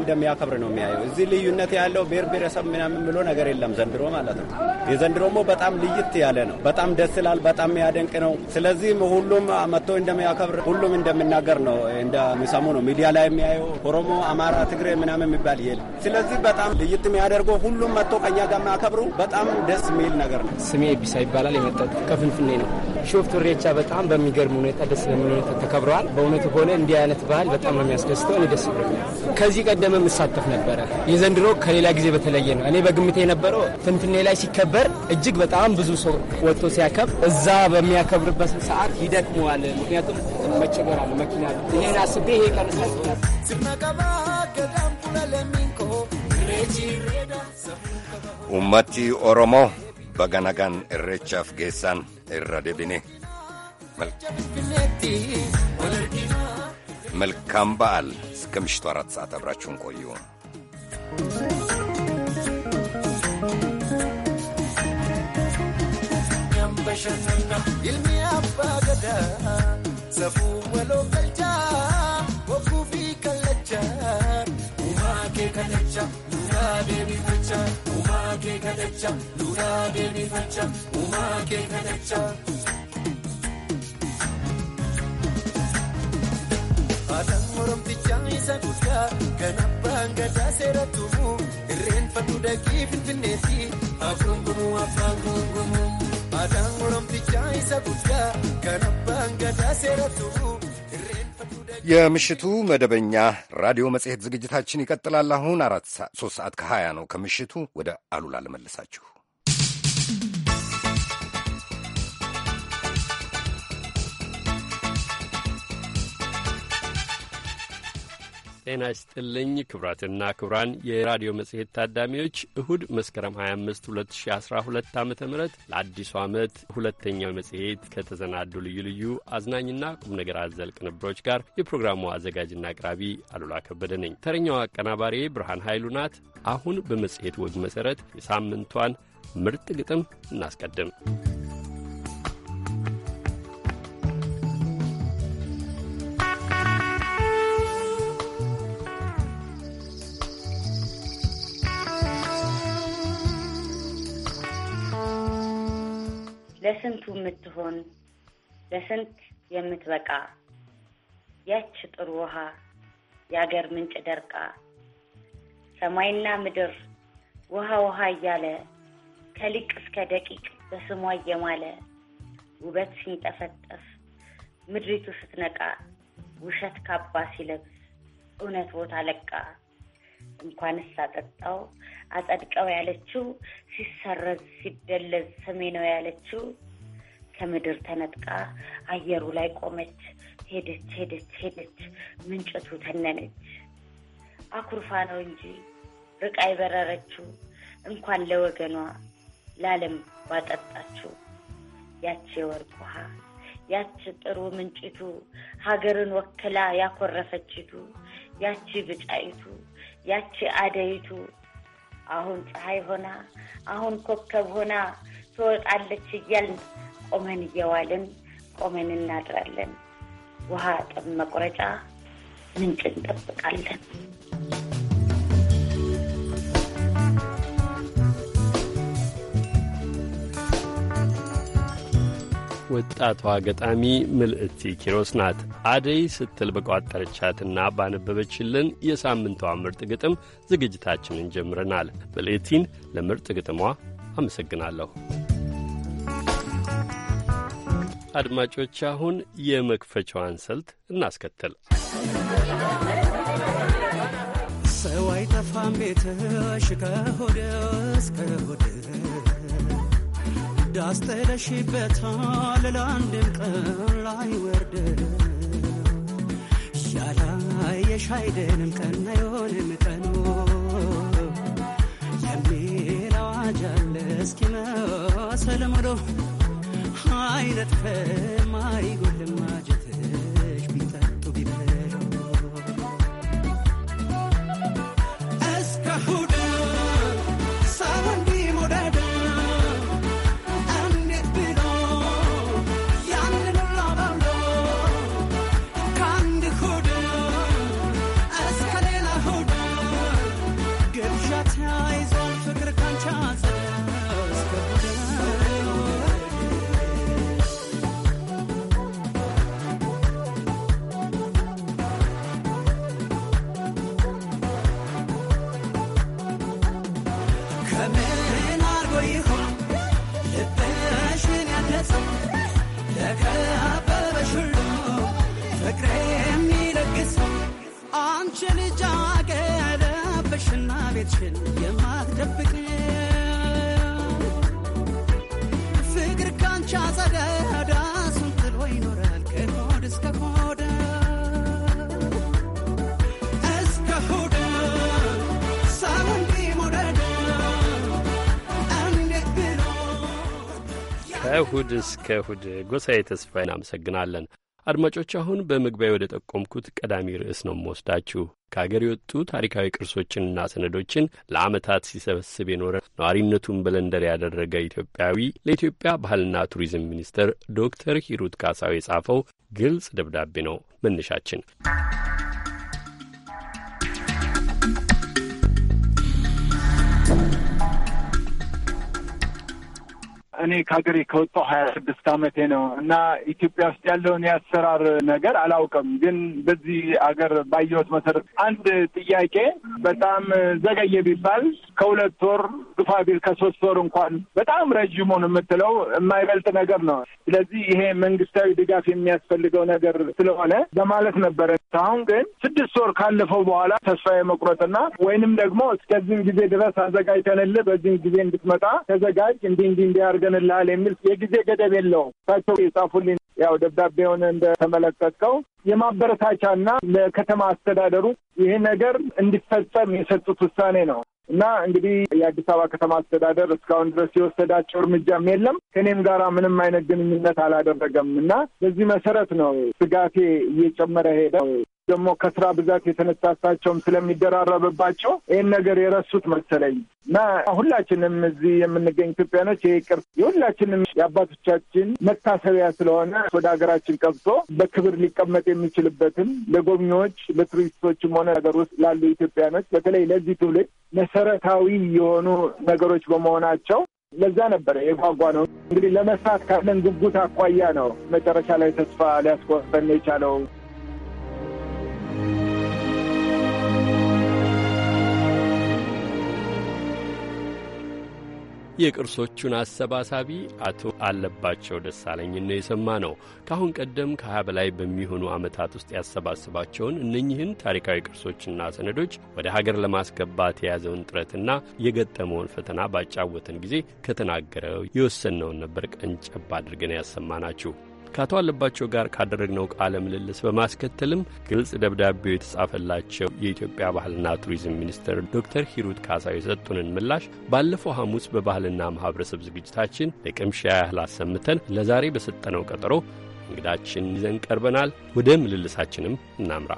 K: እንደሚያከብር ነው የሚያየው። እዚህ ልዩነት ያለው ብሔር ብሔረሰብ ምናምን ብሎ ነገር የለም ዘንድሮ ማለት ነው። የዘንድሮሞ በጣም ልይት ያለ ነው። በጣም ደስ ይላል። በጣም ያደንቅ ነው። ስለዚህ ሁሉም መጥቶ እንደሚያከብር ሁሉም እንደሚናገር ነው እንደሚሰሙ ነው ሚዲያ ላይ የሚያየው ኦሮሞ፣ አማራ፣ ትግሬ ምናምን የሚባል ይል። ስለዚህ በጣም ልይት የሚያደርገው ሁሉም መጥቶ ከኛ ጋር የሚያከብሩ በጣም ደስ የሚል ነገር
I: ነው። ስሜ ቢሳ ይባላል። የመጣሁት ከፍንፍኔ ነው። ሾፍት ሬቻ በጣም በሚገርም ሁኔታ ደስ በሚል ሁኔታ ተከብረዋል። በእውነቱ ከሆነ እንዲህ አይነት ባህል በጣም ነው የሚያስደስተው። እኔ ደስ ብሎኛል። ከዚህ ቀደም የምሳተፍ ነበረ። የዘንድሮ ከሌላ ጊዜ በተለየ ነው። እኔ በግምቴ የነበረው ፍንፍኔ ላይ ሲከበር እጅግ በጣም ብዙ ሰው ወጥቶ ሲያከብር እዛ በሚያከብርበት ሰዓት ይደክመዋል። ምክንያቱም መቸገር መኪና ይሄን አስቤ
F: ይሄ ቀንሳል
D: ኡመቲ ኦሮሞ በገናጋን እሬቻፍ ጌሳን እራደብኔ መልካም በዓል። እስከ ምሽቱ አራት ሰዓት አብራችሁን ቆዩ።
F: Ilmi abbaa gadaa safuu waloo galchaa bokkuu fi kallachaa. Uumaa kee kallacha duraa deebifacha uumaa kee kallacha duraa deebifacha uumaa kee kallacha. Aadaan moromticha isa guddaa kan abbaan seera
H: tuumu irreen fannoo dagii finfinneeti afaan gumu afaan
D: የምሽቱ መደበኛ ራዲዮ መጽሔት ዝግጅታችን ይቀጥላል። አሁን አራት ሶስት ሰዓት ከሀያ ነው ከምሽቱ። ወደ አሉላ ልመልሳችሁ።
A: ጤና ይስጥልኝ ክቡራትና ክቡራን የራዲዮ መጽሔት ታዳሚዎች እሁድ መስከረም 25 2012 ዓ ም ለአዲሱ ዓመት ሁለተኛው መጽሔት ከተሰናዱ ልዩ ልዩ አዝናኝና ቁም ነገር አዘል ቅንብሮች ጋር የፕሮግራሙ አዘጋጅና አቅራቢ አሉላ ከበደ ነኝ። ተረኛው አቀናባሪ ብርሃን ኃይሉ ናት። አሁን በመጽሔት ወግ መሠረት የሳምንቷን ምርጥ ግጥም እናስቀድም።
M: ለስንቱ የምትሆን ለስንት የምትበቃ ያች ጥሩ ውሃ የአገር ምንጭ ደርቃ ሰማይና ምድር ውሃ ውሃ እያለ ከሊቅ እስከ ደቂቅ በስሟ እየማለ ውበት ሲንጠፈጠፍ ምድሪቱ ስትነቃ ውሸት ካባ ሲለብስ እውነት ቦታ ለቃ እንኳንስ አጠጣው አጸድቀው ያለችው ሲሰረዝ ሲደለዝ ስሜ ነው ያለችው ከምድር ተነጥቃ አየሩ ላይ ቆመች። ሄደች ሄደች ሄደች ምንጭቱ ተነነች። አኩርፋ ነው እንጂ ርቃ የበረረችው እንኳን ለወገኗ ለዓለም ባጠጣችው ያቺ የወርቅ ውሃ ያቺ ጥሩ ምንጭቱ ሀገርን ወክላ ያኮረፈችቱ ያቺ ብጫይቱ ያቺ አደይቱ አሁን ፀሐይ ሆና፣ አሁን ኮከብ ሆና ትወጣለች እያልን ቆመን እየዋልን ቆመን እናድራለን። ውሃ ጥም መቁረጫ ምንጭ እንጠብቃለን።
A: ወጣቷ ገጣሚ ምልእቲ ኪሮስ ናት። አደይ ስትል በቋጠረቻትና ባነበበችልን የሳምንቷ ምርጥ ግጥም ዝግጅታችንን ጀምረናል። ምልእቲን ለምርጥ ግጥሟ አመሰግናለሁ። አድማጮች፣ አሁን የመክፈቻዋን ስልት እናስከትል።
G: ሰው አይጠፋም ቤትሽ ከሆደ እስከ ሆደ ዳስ ጥለሽበታል ለአንድም ቀን ላይ ያላየሽ አይደንም ቀና የሆንም ቀኑ የሚል አዋጅ አለ እስኪመሰል ሙሉ አይነጥፈም አይጎልም ማጀት ቤትሽን የማትደብቅ ፍቅር
E: ካንቺ አጸዳ
F: ስንት ጥሎ ይኖራል ከሆድ እስከ ሆድ እስከ
A: ከእሁድ እስከ እሁድ ጎሳዬ ተስፋዬን አመሰግናለን። አድማጮች አሁን በመግቢያ ወደ ጠቆምኩት ቀዳሚ ርዕስ ነው የምወስዳችሁ። ከአገር የወጡ ታሪካዊ ቅርሶችንና ሰነዶችን ለአመታት ሲሰበስብ የኖረ ነዋሪነቱን በለንደር ያደረገ ኢትዮጵያዊ ለኢትዮጵያ ባህልና ቱሪዝም ሚኒስትር ዶክተር ሂሩት ካሳው የጻፈው ግልጽ ደብዳቤ ነው መነሻችን። እኔ
B: ከሀገሬ ከወጣሁ ሀያ ስድስት አመቴ ነው እና ኢትዮጵያ ውስጥ ያለውን የአሰራር ነገር አላውቅም። ግን በዚህ አገር ባየሁት መሰረት አንድ ጥያቄ በጣም ዘገየ ቢባል ከሁለት ወር ግፋ ቢል ከሶስት ወር እንኳን በጣም ረዥሙን የምትለው የማይበልጥ ነገር ነው። ስለዚህ ይሄ መንግስታዊ ድጋፍ የሚያስፈልገው ነገር ስለሆነ በማለት ነበረ። አሁን ግን ስድስት ወር ካለፈው በኋላ ተስፋ የመቁረጥና ወይንም ደግሞ እስከዚህም ጊዜ ድረስ አዘጋጅተንልህ በዚህም ጊዜ እንድትመጣ ተዘጋጅ እንዲህ እንዲህ እንዲያርግ አድርገንልሃል የሚል የጊዜ ገደብ የለውም። እሳቸው የጻፉልኝ ያው ደብዳቤውን እንደተመለከትከው የማበረታቻና ለከተማ አስተዳደሩ ይሄ ነገር እንዲፈጸም የሰጡት ውሳኔ ነው እና እንግዲህ የአዲስ አበባ ከተማ አስተዳደር እስካሁን ድረስ የወሰዳቸው እርምጃም የለም። ከእኔም ጋራ ምንም አይነት ግንኙነት አላደረገም እና በዚህ መሰረት ነው ስጋቴ እየጨመረ ሄደው ደግሞ ከስራ ብዛት የተነሳ እሳቸውም ስለሚደራረብባቸው ይህን ነገር የረሱት መሰለኝ እና ሁላችንም እዚህ የምንገኝ ኢትዮጵያኖች ይሄ ቅርስ የሁላችንም የአባቶቻችን መታሰቢያ ስለሆነ ወደ ሀገራችን ቀብቶ በክብር ሊቀመጥ የሚችልበትን ለጎብኚዎች ለቱሪስቶችም ሆነ ነገር ውስጥ ላሉ ኢትዮጵያኖች በተለይ ለዚህ ትውልድ መሰረታዊ የሆኑ ነገሮች በመሆናቸው ለዛ ነበረ የጓጓ ነው። እንግዲህ ለመስራት ካለን ጉጉት አኳያ ነው መጨረሻ ላይ ተስፋ ሊያስቆርጠን የቻለው።
A: የቅርሶቹን አሰባሳቢ አቶ አለባቸው ደሳለኝ ነው የሰማ ነው። ከአሁን ቀደም ከሀያ በላይ በሚሆኑ ዓመታት ውስጥ ያሰባስባቸውን እነኚህን ታሪካዊ ቅርሶችና ሰነዶች ወደ ሀገር ለማስገባት የያዘውን ጥረትና የገጠመውን ፈተና ባጫወተን ጊዜ ከተናገረው የወሰነውን ነበር ቀንጨብ አድርገን ያሰማናችሁ። ከአቶ አለባቸው ጋር ካደረግነው ቃለ ምልልስ በማስከተልም ግልጽ ደብዳቤው የተጻፈላቸው የኢትዮጵያ ባህልና ቱሪዝም ሚኒስትር ዶክተር ሂሩት ካሳው የሰጡንን ምላሽ ባለፈው ሐሙስ በባህልና ማኅበረሰብ ዝግጅታችን ለቅምሻ ያህል አሰምተን ለዛሬ በሰጠነው ቀጠሮ እንግዳችን ይዘን ቀርበናል። ወደ ምልልሳችንም እናምራ።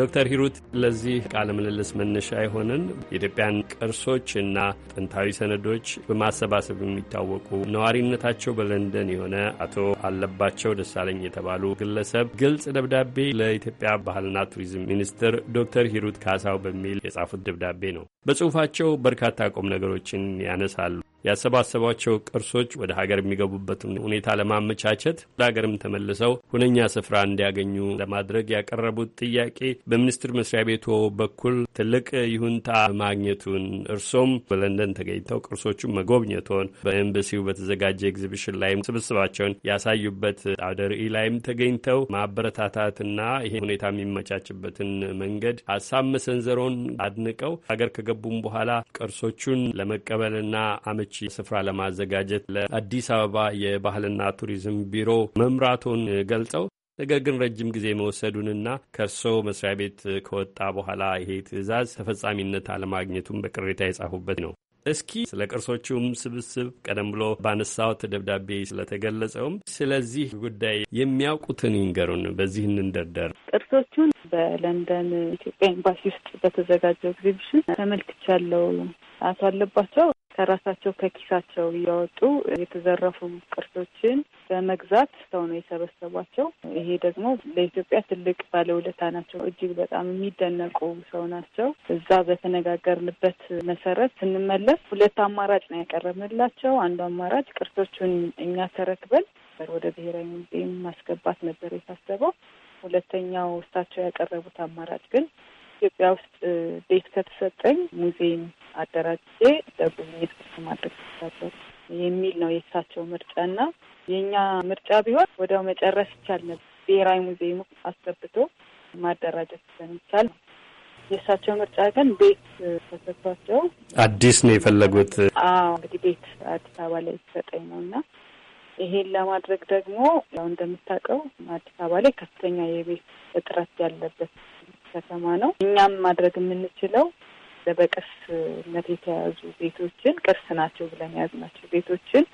A: ዶክተር ሂሩት ለዚህ ቃለ ምልልስ መነሻ የሆንን የኢትዮጵያን ቅርሶች እና ጥንታዊ ሰነዶች በማሰባሰብ የሚታወቁ ነዋሪነታቸው በለንደን የሆነ አቶ አለባቸው ደሳለኝ የተባሉ ግለሰብ ግልጽ ደብዳቤ ለኢትዮጵያ ባህልና ቱሪዝም ሚኒስትር ዶክተር ሂሩት ካሳው በሚል የጻፉት ደብዳቤ ነው። በጽሁፋቸው በርካታ ቁም ነገሮችን ያነሳሉ። ያሰባሰቧቸው ቅርሶች ወደ ሀገር የሚገቡበትን ሁኔታ ለማመቻቸት ወደ ሀገርም ተመልሰው ሁነኛ ስፍራ እንዲያገኙ ለማድረግ ያቀረቡት ጥያቄ በሚኒስቴር መስሪያ ቤቱ በኩል ትልቅ ይሁንታ ማግኘቱን እርሶም በለንደን ተገኝተው ቅርሶቹን መጎብኘቶን በኤምባሲው በተዘጋጀ ኤግዚቢሽን ላይም ስብስባቸውን ያሳዩበት አውደ ርዕይ ላይም ተገኝተው ማበረታታትና ይሄ ሁኔታ የሚመቻችበትን መንገድ ሀሳብ መሰንዘሮን አድንቀው ሀገር ከገ ከገቡም በኋላ ቅርሶቹን ለመቀበልና አመቺ ስፍራ ለማዘጋጀት ለአዲስ አበባ የባህልና ቱሪዝም ቢሮ መምራቱን ገልጸው ነገር ግን ረጅም ጊዜ መውሰዱንና ከእርሶ መስሪያ ቤት ከወጣ በኋላ ይሄ ትዕዛዝ ተፈጻሚነት አለማግኘቱን በቅሬታ የጻፉበት ነው። እስኪ ስለ ቅርሶቹም ስብስብ ቀደም ብሎ ባነሳሁት ደብዳቤ ስለተገለጸውም ስለዚህ ጉዳይ የሚያውቁትን ይንገሩን። በዚህ እንደርደር።
C: ቅርሶቹን በለንደን ኢትዮጵያ ኤምባሲ ውስጥ በተዘጋጀው ኤግዚቢሽን ተመልክቻለሁ። አቶ አለባቸው ከራሳቸው ከኪሳቸው እያወጡ የተዘረፉ ቅርሶችን በመግዛት ሰው ነው የሰበሰቧቸው። ይሄ ደግሞ ለኢትዮጵያ ትልቅ ባለውለታ ናቸው። እጅግ በጣም የሚደነቁ ሰው ናቸው። እዛ በተነጋገርንበት መሰረት ስንመለስ ሁለት አማራጭ ነው ያቀረብንላቸው። አንዱ አማራጭ ቅርሶቹን እኛ ተረክበን ወደ ብሔራዊ ሙዚየም ማስገባት ነበር የታሰበው። ሁለተኛው እሳቸው ያቀረቡት አማራጭ ግን ኢትዮጵያ ውስጥ ቤት ከተሰጠኝ ሙዚየም አደራጅቼ ለጉብኝት ክፍት ማድረግ ይቻለሁ የሚል ነው የእሳቸው ምርጫና የእኛ ምርጫ ቢሆን ወዲያው መጨረስ ይቻል ነበር። ብሔራዊ ሙዚየሙ አስገብቶ ማደራጀት ስለሚቻል ነው። የእሳቸው ምርጫ ግን ቤት ተሰጥቷቸው
D: አዲስ
A: ነው የፈለጉት።
C: አዎ እንግዲህ ቤት አዲስ አበባ ላይ የተሰጠኝ ነው እና ይሄን ለማድረግ ደግሞ ያው እንደምታውቀው አዲስ አበባ ላይ ከፍተኛ የቤት እጥረት ያለበት ከተማ ነው። እኛም ማድረግ የምንችለው በቅርስነት የተያዙ ቤቶችን ቅርስ ናቸው ብለን የያዝናቸው ቤቶችን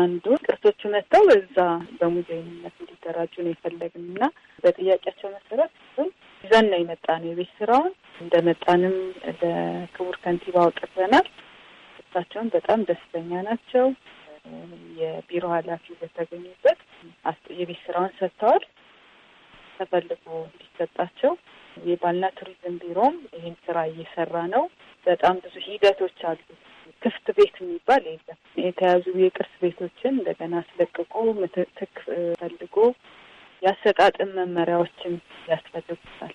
C: አንዱን ቅርሶቹ መጥተው በዛ በሙዚየምነት እንዲደራጁ ነው የፈለግን እና በጥያቄያቸው መሰረት ስም ይዘን ነው የመጣ ነው የቤት ስራውን እንደመጣንም ለክቡር ከንቲባ አውጥተናል። እሳቸውን በጣም ደስተኛ ናቸው። የቢሮ ኃላፊ በተገኙበት የቤት ስራውን ሰጥተዋል። ተፈልጎ እንዲሰጣቸው የባልና ቱሪዝም ቢሮም ይህን ስራ እየሰራ ነው። በጣም ብዙ ሂደቶች አሉ። ክፍት ቤት የሚባል የለም። የተያዙ የቅርስ ቤቶችን እንደገና አስለቅቆ ምትክ ፈልጎ የአሰጣጥን መመሪያዎችን ያስፈልጉታል።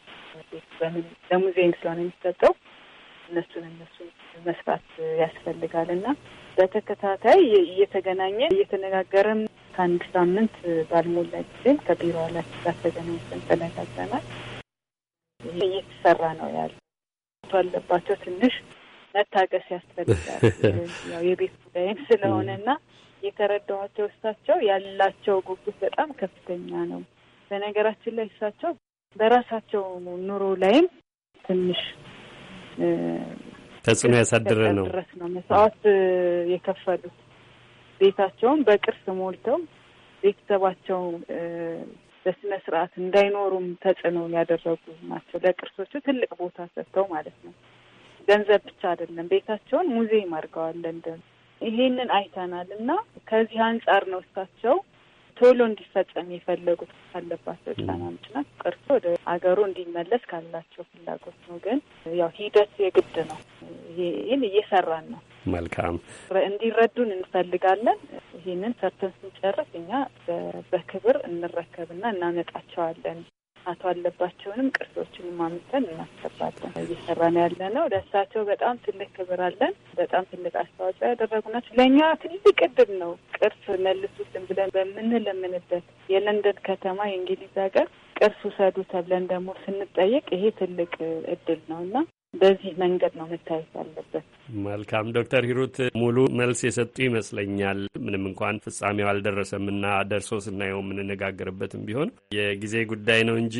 C: በምን ለሙዚየም ስለሆነ የሚሰጠው እነሱን እነሱን መስራት ያስፈልጋል እና በተከታታይ እየተገናኘ እየተነጋገርን ከአንድ ሳምንት ባልሞላ ጊዜ ከቢሮ ኃላፊ ጋር ተገናኝተን ተነጋግረናል። ይሄ እየተሰራ ነው ያለ አለባቸው ትንሽ መታገስ ያስፈልጋል። ያው የቤት ጉዳይም ስለሆነና የተረዳኋቸው እሳቸው ያላቸው ጉጉት በጣም ከፍተኛ ነው። በነገራችን ላይ እሳቸው በራሳቸው ኑሮ ላይም ትንሽ
A: ተጽዕኖ ያሳደረ ነው
C: ድረስ ነው መስዋዕት የከፈሉት ቤታቸውን በቅርስ ሞልተው ቤተሰባቸው በስነ ስርዓት እንዳይኖሩም ተጽዕኖ ያደረጉ ናቸው። ለቅርሶቹ ትልቅ ቦታ ሰጥተው ማለት ነው። ገንዘብ ብቻ አይደለም፣ ቤታቸውን ሙዚየም አድርገዋል። ለንደን ይሄንን አይተናል እና ከዚህ አንጻር ነው እሳቸው ቶሎ እንዲፈጸም የፈለጉት ካለባቸው ጫና ምክንያት ቅርሱ ወደ አገሩ እንዲመለስ ካላቸው ፍላጎት ነው። ግን ያው ሂደት የግድ ነው። ይህን እየሰራን ነው። መልካም እንዲረዱን እንፈልጋለን። ይህንን ሰርተን ስንጨርስ እኛ በክብር እንረከብና እናመጣቸዋለን። አቶ አለባቸውንም ቅርሶችንም አምጥተን እናስገባለን። ነው ያለ ነው። ለእሳቸው በጣም ትልቅ ክብር አለን። በጣም ትልቅ አስተዋጽኦ ያደረጉ ናቸው። ለእኛ ትልቅ እድል ነው። ቅርስ መልሱልን ብለን በምንለምንበት የለንደን ከተማ የእንግሊዝ ሀገር ቅርስ ውሰዱ ተብለን ደግሞ ስንጠየቅ ይሄ ትልቅ እድል ነው እና በዚህ መንገድ ነው መታየት ያለበት።
A: መልካም ዶክተር ሂሩት ሙሉ መልስ የሰጡ ይመስለኛል። ምንም እንኳን ፍጻሜው አልደረሰም እና ደርሶ ስናየው የምንነጋገርበትም ቢሆን የጊዜ ጉዳይ ነው እንጂ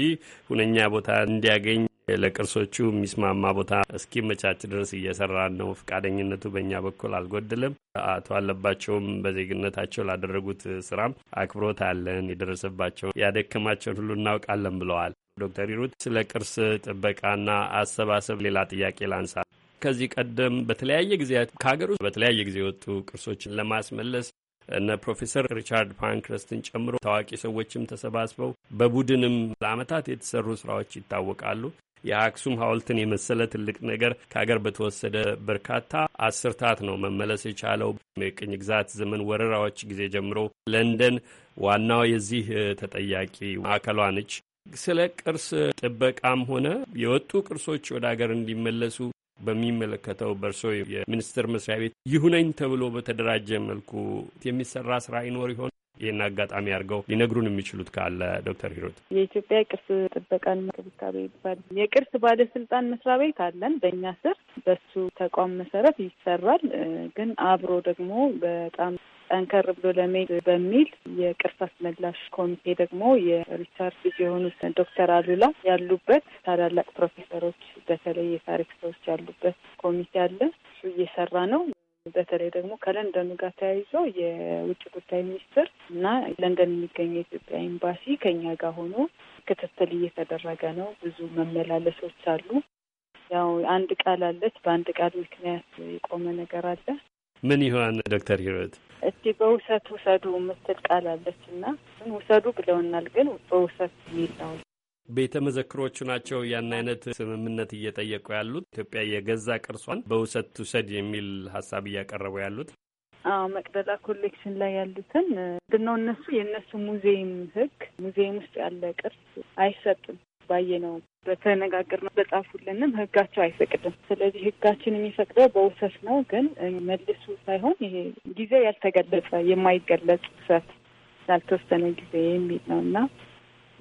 A: ሁነኛ ቦታ እንዲያገኝ ለቅርሶቹ የሚስማማ ቦታ እስኪመቻች ድረስ እየሰራን ነው። ፈቃደኝነቱ በእኛ በኩል አልጎደለም። አቶ አለባቸውም በዜግነታቸው ላደረጉት ስራም አክብሮት አለን። የደረሰባቸውን ያደከማቸውን ሁሉ እናውቃለን ብለዋል። ዶክተር ሂሩት ስለ ቅርስ ጥበቃና አሰባሰብ ሌላ ጥያቄ ላንሳ። ከዚህ ቀደም በተለያየ ጊዜ ከሀገር ውስጥ በተለያየ ጊዜ የወጡ ቅርሶችን ለማስመለስ እነ ፕሮፌሰር ሪቻርድ ፓንክረስትን ጨምሮ ታዋቂ ሰዎችም ተሰባስበው በቡድንም ለአመታት የተሰሩ ስራዎች ይታወቃሉ። የአክሱም ሐውልትን የመሰለ ትልቅ ነገር ከሀገር በተወሰደ በርካታ አስርታት ነው መመለስ የቻለው። የቅኝ ግዛት ዘመን ወረራዎች ጊዜ ጀምሮ ለንደን ዋናው የዚህ ተጠያቂ ማዕከሏ ነች። ስለ ቅርስ ጥበቃም ሆነ የወጡ ቅርሶች ወደ ሀገር እንዲመለሱ በሚመለከተው በእርሶ የሚኒስቴር መስሪያ ቤት ይሁነኝ ተብሎ በተደራጀ መልኩ የሚሰራ ስራ ይኖር ይሆን? ይህን አጋጣሚ አድርገው ሊነግሩን የሚችሉት ካለ ዶክተር ሂሮት።
C: የኢትዮጵያ የቅርስ ጥበቃና እንክብካቤ ይባል የቅርስ ባለስልጣን መስሪያ ቤት አለን በእኛ ስር። በሱ ተቋም መሰረት ይሰራል። ግን አብሮ ደግሞ በጣም ጠንከር ብሎ ለመሄድ በሚል የቅርስ አስመላሽ ኮሚቴ ደግሞ የሪቻርድ ልጅ የሆኑት ዶክተር አሉላ ያሉበት ታላላቅ ፕሮፌሰሮች በተለይ የታሪክ ሰዎች ያሉበት ኮሚቴ አለ። እሱ እየሰራ ነው። በተለይ ደግሞ ከለንደኑ ጋር ተያይዞ የውጭ ጉዳይ ሚኒስትር እና ለንደን የሚገኘው የኢትዮጵያ ኤምባሲ ከኛ ጋር ሆኖ ክትትል እየተደረገ ነው። ብዙ መመላለሶች አሉ። ያው አንድ ቃል አለች። በአንድ ቃል ምክንያት የቆመ ነገር አለ።
A: ምን ይሆን ዶክተር ሂሮት?
C: እስቲ በውሰት ውሰዱ የምትል ቃል አለች እና ውሰዱ ብለውናል፣ ግን በውሰት የሚል ነው።
A: ቤተ መዘክሮቹ ናቸው ያን አይነት ስምምነት እየጠየቁ ያሉት። ኢትዮጵያ የገዛ ቅርሷን በውሰት ትውሰድ የሚል ሀሳብ እያቀረቡ ያሉት
C: አዎ መቅደላ ኮሌክሽን ላይ ያሉትን ምንድነው እነሱ የእነሱ ሙዚየም ህግ ሙዚየም ውስጥ ያለ ቅርስ አይሰጥም ባየ ነው በተነጋገርነው በጻፉልንም ህጋቸው አይፈቅድም። ስለዚህ ህጋችን የሚፈቅደው በውሰት ነው። ግን መልሱ ሳይሆን ይሄ ጊዜ ያልተገለጸ የማይገለጽ ውሰት ያልተወሰነ ጊዜ የሚል ነው እና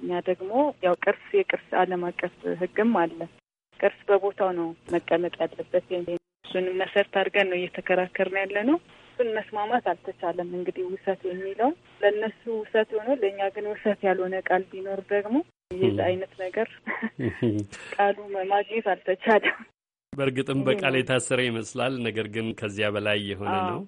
C: እኛ ደግሞ ያው ቅርስ የቅርስ ዓለም አቀፍ ህግም አለ። ቅርስ በቦታው ነው መቀመጥ ያለበት። እሱን መሰረት አድርገን ነው እየተከራከርን ያለ ነው። እሱን መስማማት አልተቻለም። እንግዲህ ውሰት የሚለው ለእነሱ ውሰት ሆኖ ለእኛ ግን ውሰት ያልሆነ ቃል ቢኖር ደግሞ ይህ አይነት ነገር ቃሉ ማግኘት አልተቻለም።
A: በእርግጥም በቃል የታሰረ ይመስላል። ነገር ግን ከዚያ በላይ የሆነ ነው።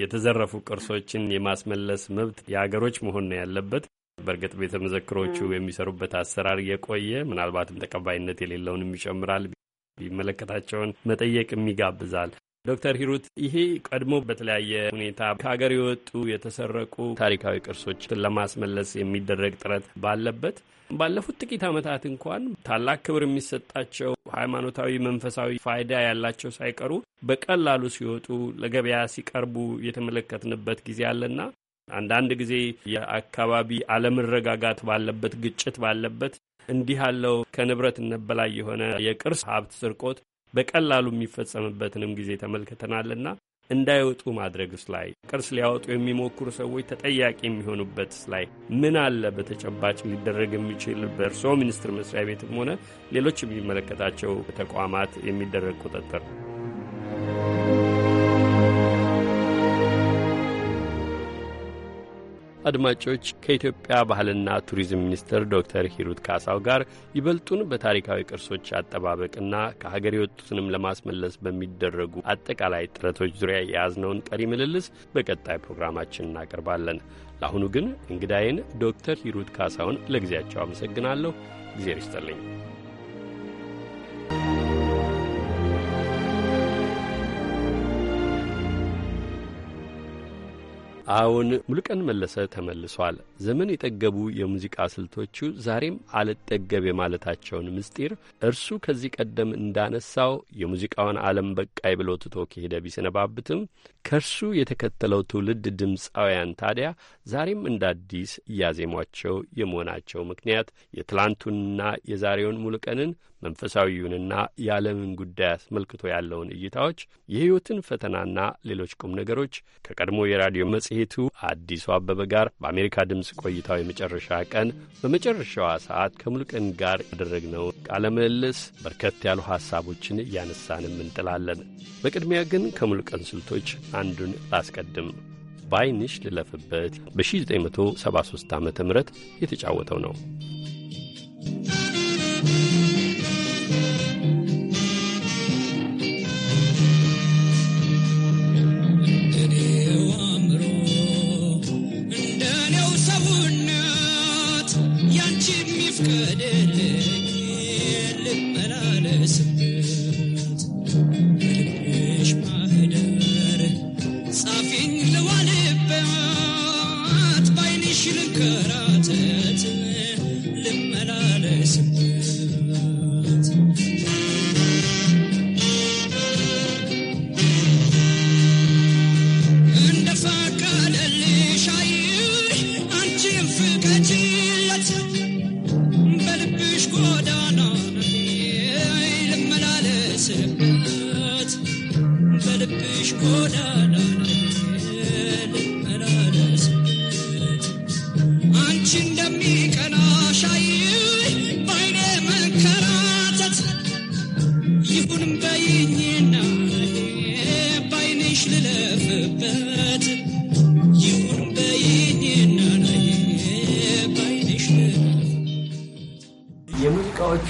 A: የተዘረፉ ቅርሶችን የማስመለስ መብት የሀገሮች መሆን ነው ያለበት። በእርግጥ ቤተ መዘክሮቹ የሚሰሩበት አሰራር የቆየ ምናልባትም ተቀባይነት የሌለውንም ይጨምራል። ቢመለከታቸውን መጠየቅ የሚጋብዛል። ዶክተር ሂሩት ይሄ ቀድሞ በተለያየ ሁኔታ ከሀገር የወጡ የተሰረቁ ታሪካዊ ቅርሶችን ለማስመለስ የሚደረግ ጥረት ባለበት ባለፉት ጥቂት ዓመታት እንኳን ታላቅ ክብር የሚሰጣቸው ሃይማኖታዊ፣ መንፈሳዊ ፋይዳ ያላቸው ሳይቀሩ በቀላሉ ሲወጡ ለገበያ ሲቀርቡ የተመለከትንበት ጊዜ አለና አንዳንድ ጊዜ የአካባቢ አለመረጋጋት ባለበት፣ ግጭት ባለበት እንዲህ ያለው ከንብረት ነበላይ የሆነ የቅርስ ሀብት ስርቆት በቀላሉ የሚፈጸምበትንም ጊዜ ተመልክተናልና እንዳይወጡ ማድረግስ ላይ ቅርስ ሊያወጡ የሚሞክሩ ሰዎች ተጠያቂ የሚሆኑበትስ ላይ ምን አለ በተጨባጭ ሊደረግ የሚችል በእርስዎ ሚኒስቴር መስሪያ ቤትም ሆነ ሌሎች የሚመለከታቸው ተቋማት የሚደረግ ቁጥጥር አድማጮች ከኢትዮጵያ ባህልና ቱሪዝም ሚኒስትር ዶክተር ሂሩት ካሳው ጋር ይበልጡን በታሪካዊ ቅርሶች አጠባበቅና ከሀገር የወጡትንም ለማስመለስ በሚደረጉ አጠቃላይ ጥረቶች ዙሪያ የያዝነውን ቀሪ ምልልስ በቀጣይ ፕሮግራማችን እናቀርባለን። ለአሁኑ ግን እንግዳዬን ዶክተር ሂሩት ካሳውን ለጊዜያቸው አመሰግናለሁ። እግዜር ይስጥልኝ። አዎን ሙሉቀን መለሰ ተመልሷል። ዘመን የጠገቡ የሙዚቃ ስልቶቹ ዛሬም አልጠገብ የማለታቸውን ምስጢር እርሱ ከዚህ ቀደም እንዳነሳው የሙዚቃውን ዓለም በቃይ ብሎ ትቶ ከሄደ ቢሰነባብትም ከእርሱ የተከተለው ትውልድ ድምፃውያን ታዲያ ዛሬም እንደ አዲስ እያዜሟቸው የመሆናቸው ምክንያት የትላንቱንና የዛሬውን ሙሉቀንን መንፈሳዊውንና የዓለምን ጉዳይ አስመልክቶ ያለውን እይታዎች፣ የሕይወትን ፈተናና ሌሎች ቁም ነገሮች ከቀድሞ የራዲዮ መጽሔቱ አዲሱ አበበ ጋር በአሜሪካ ድምፅ ቆይታው የመጨረሻ ቀን በመጨረሻዋ ሰዓት ከምሉቅን ጋር ያደረግነው ቃለ ምልልስ በርከት ያሉ ሐሳቦችን እያነሳንም እንጥላለን። በቅድሚያ ግን ከምሉቅን ስልቶች አንዱን ላስቀድም። ባይንሽ ልለፍበት በ1973 ዓ ም የተጫወተው ነው።
J: no, no, no.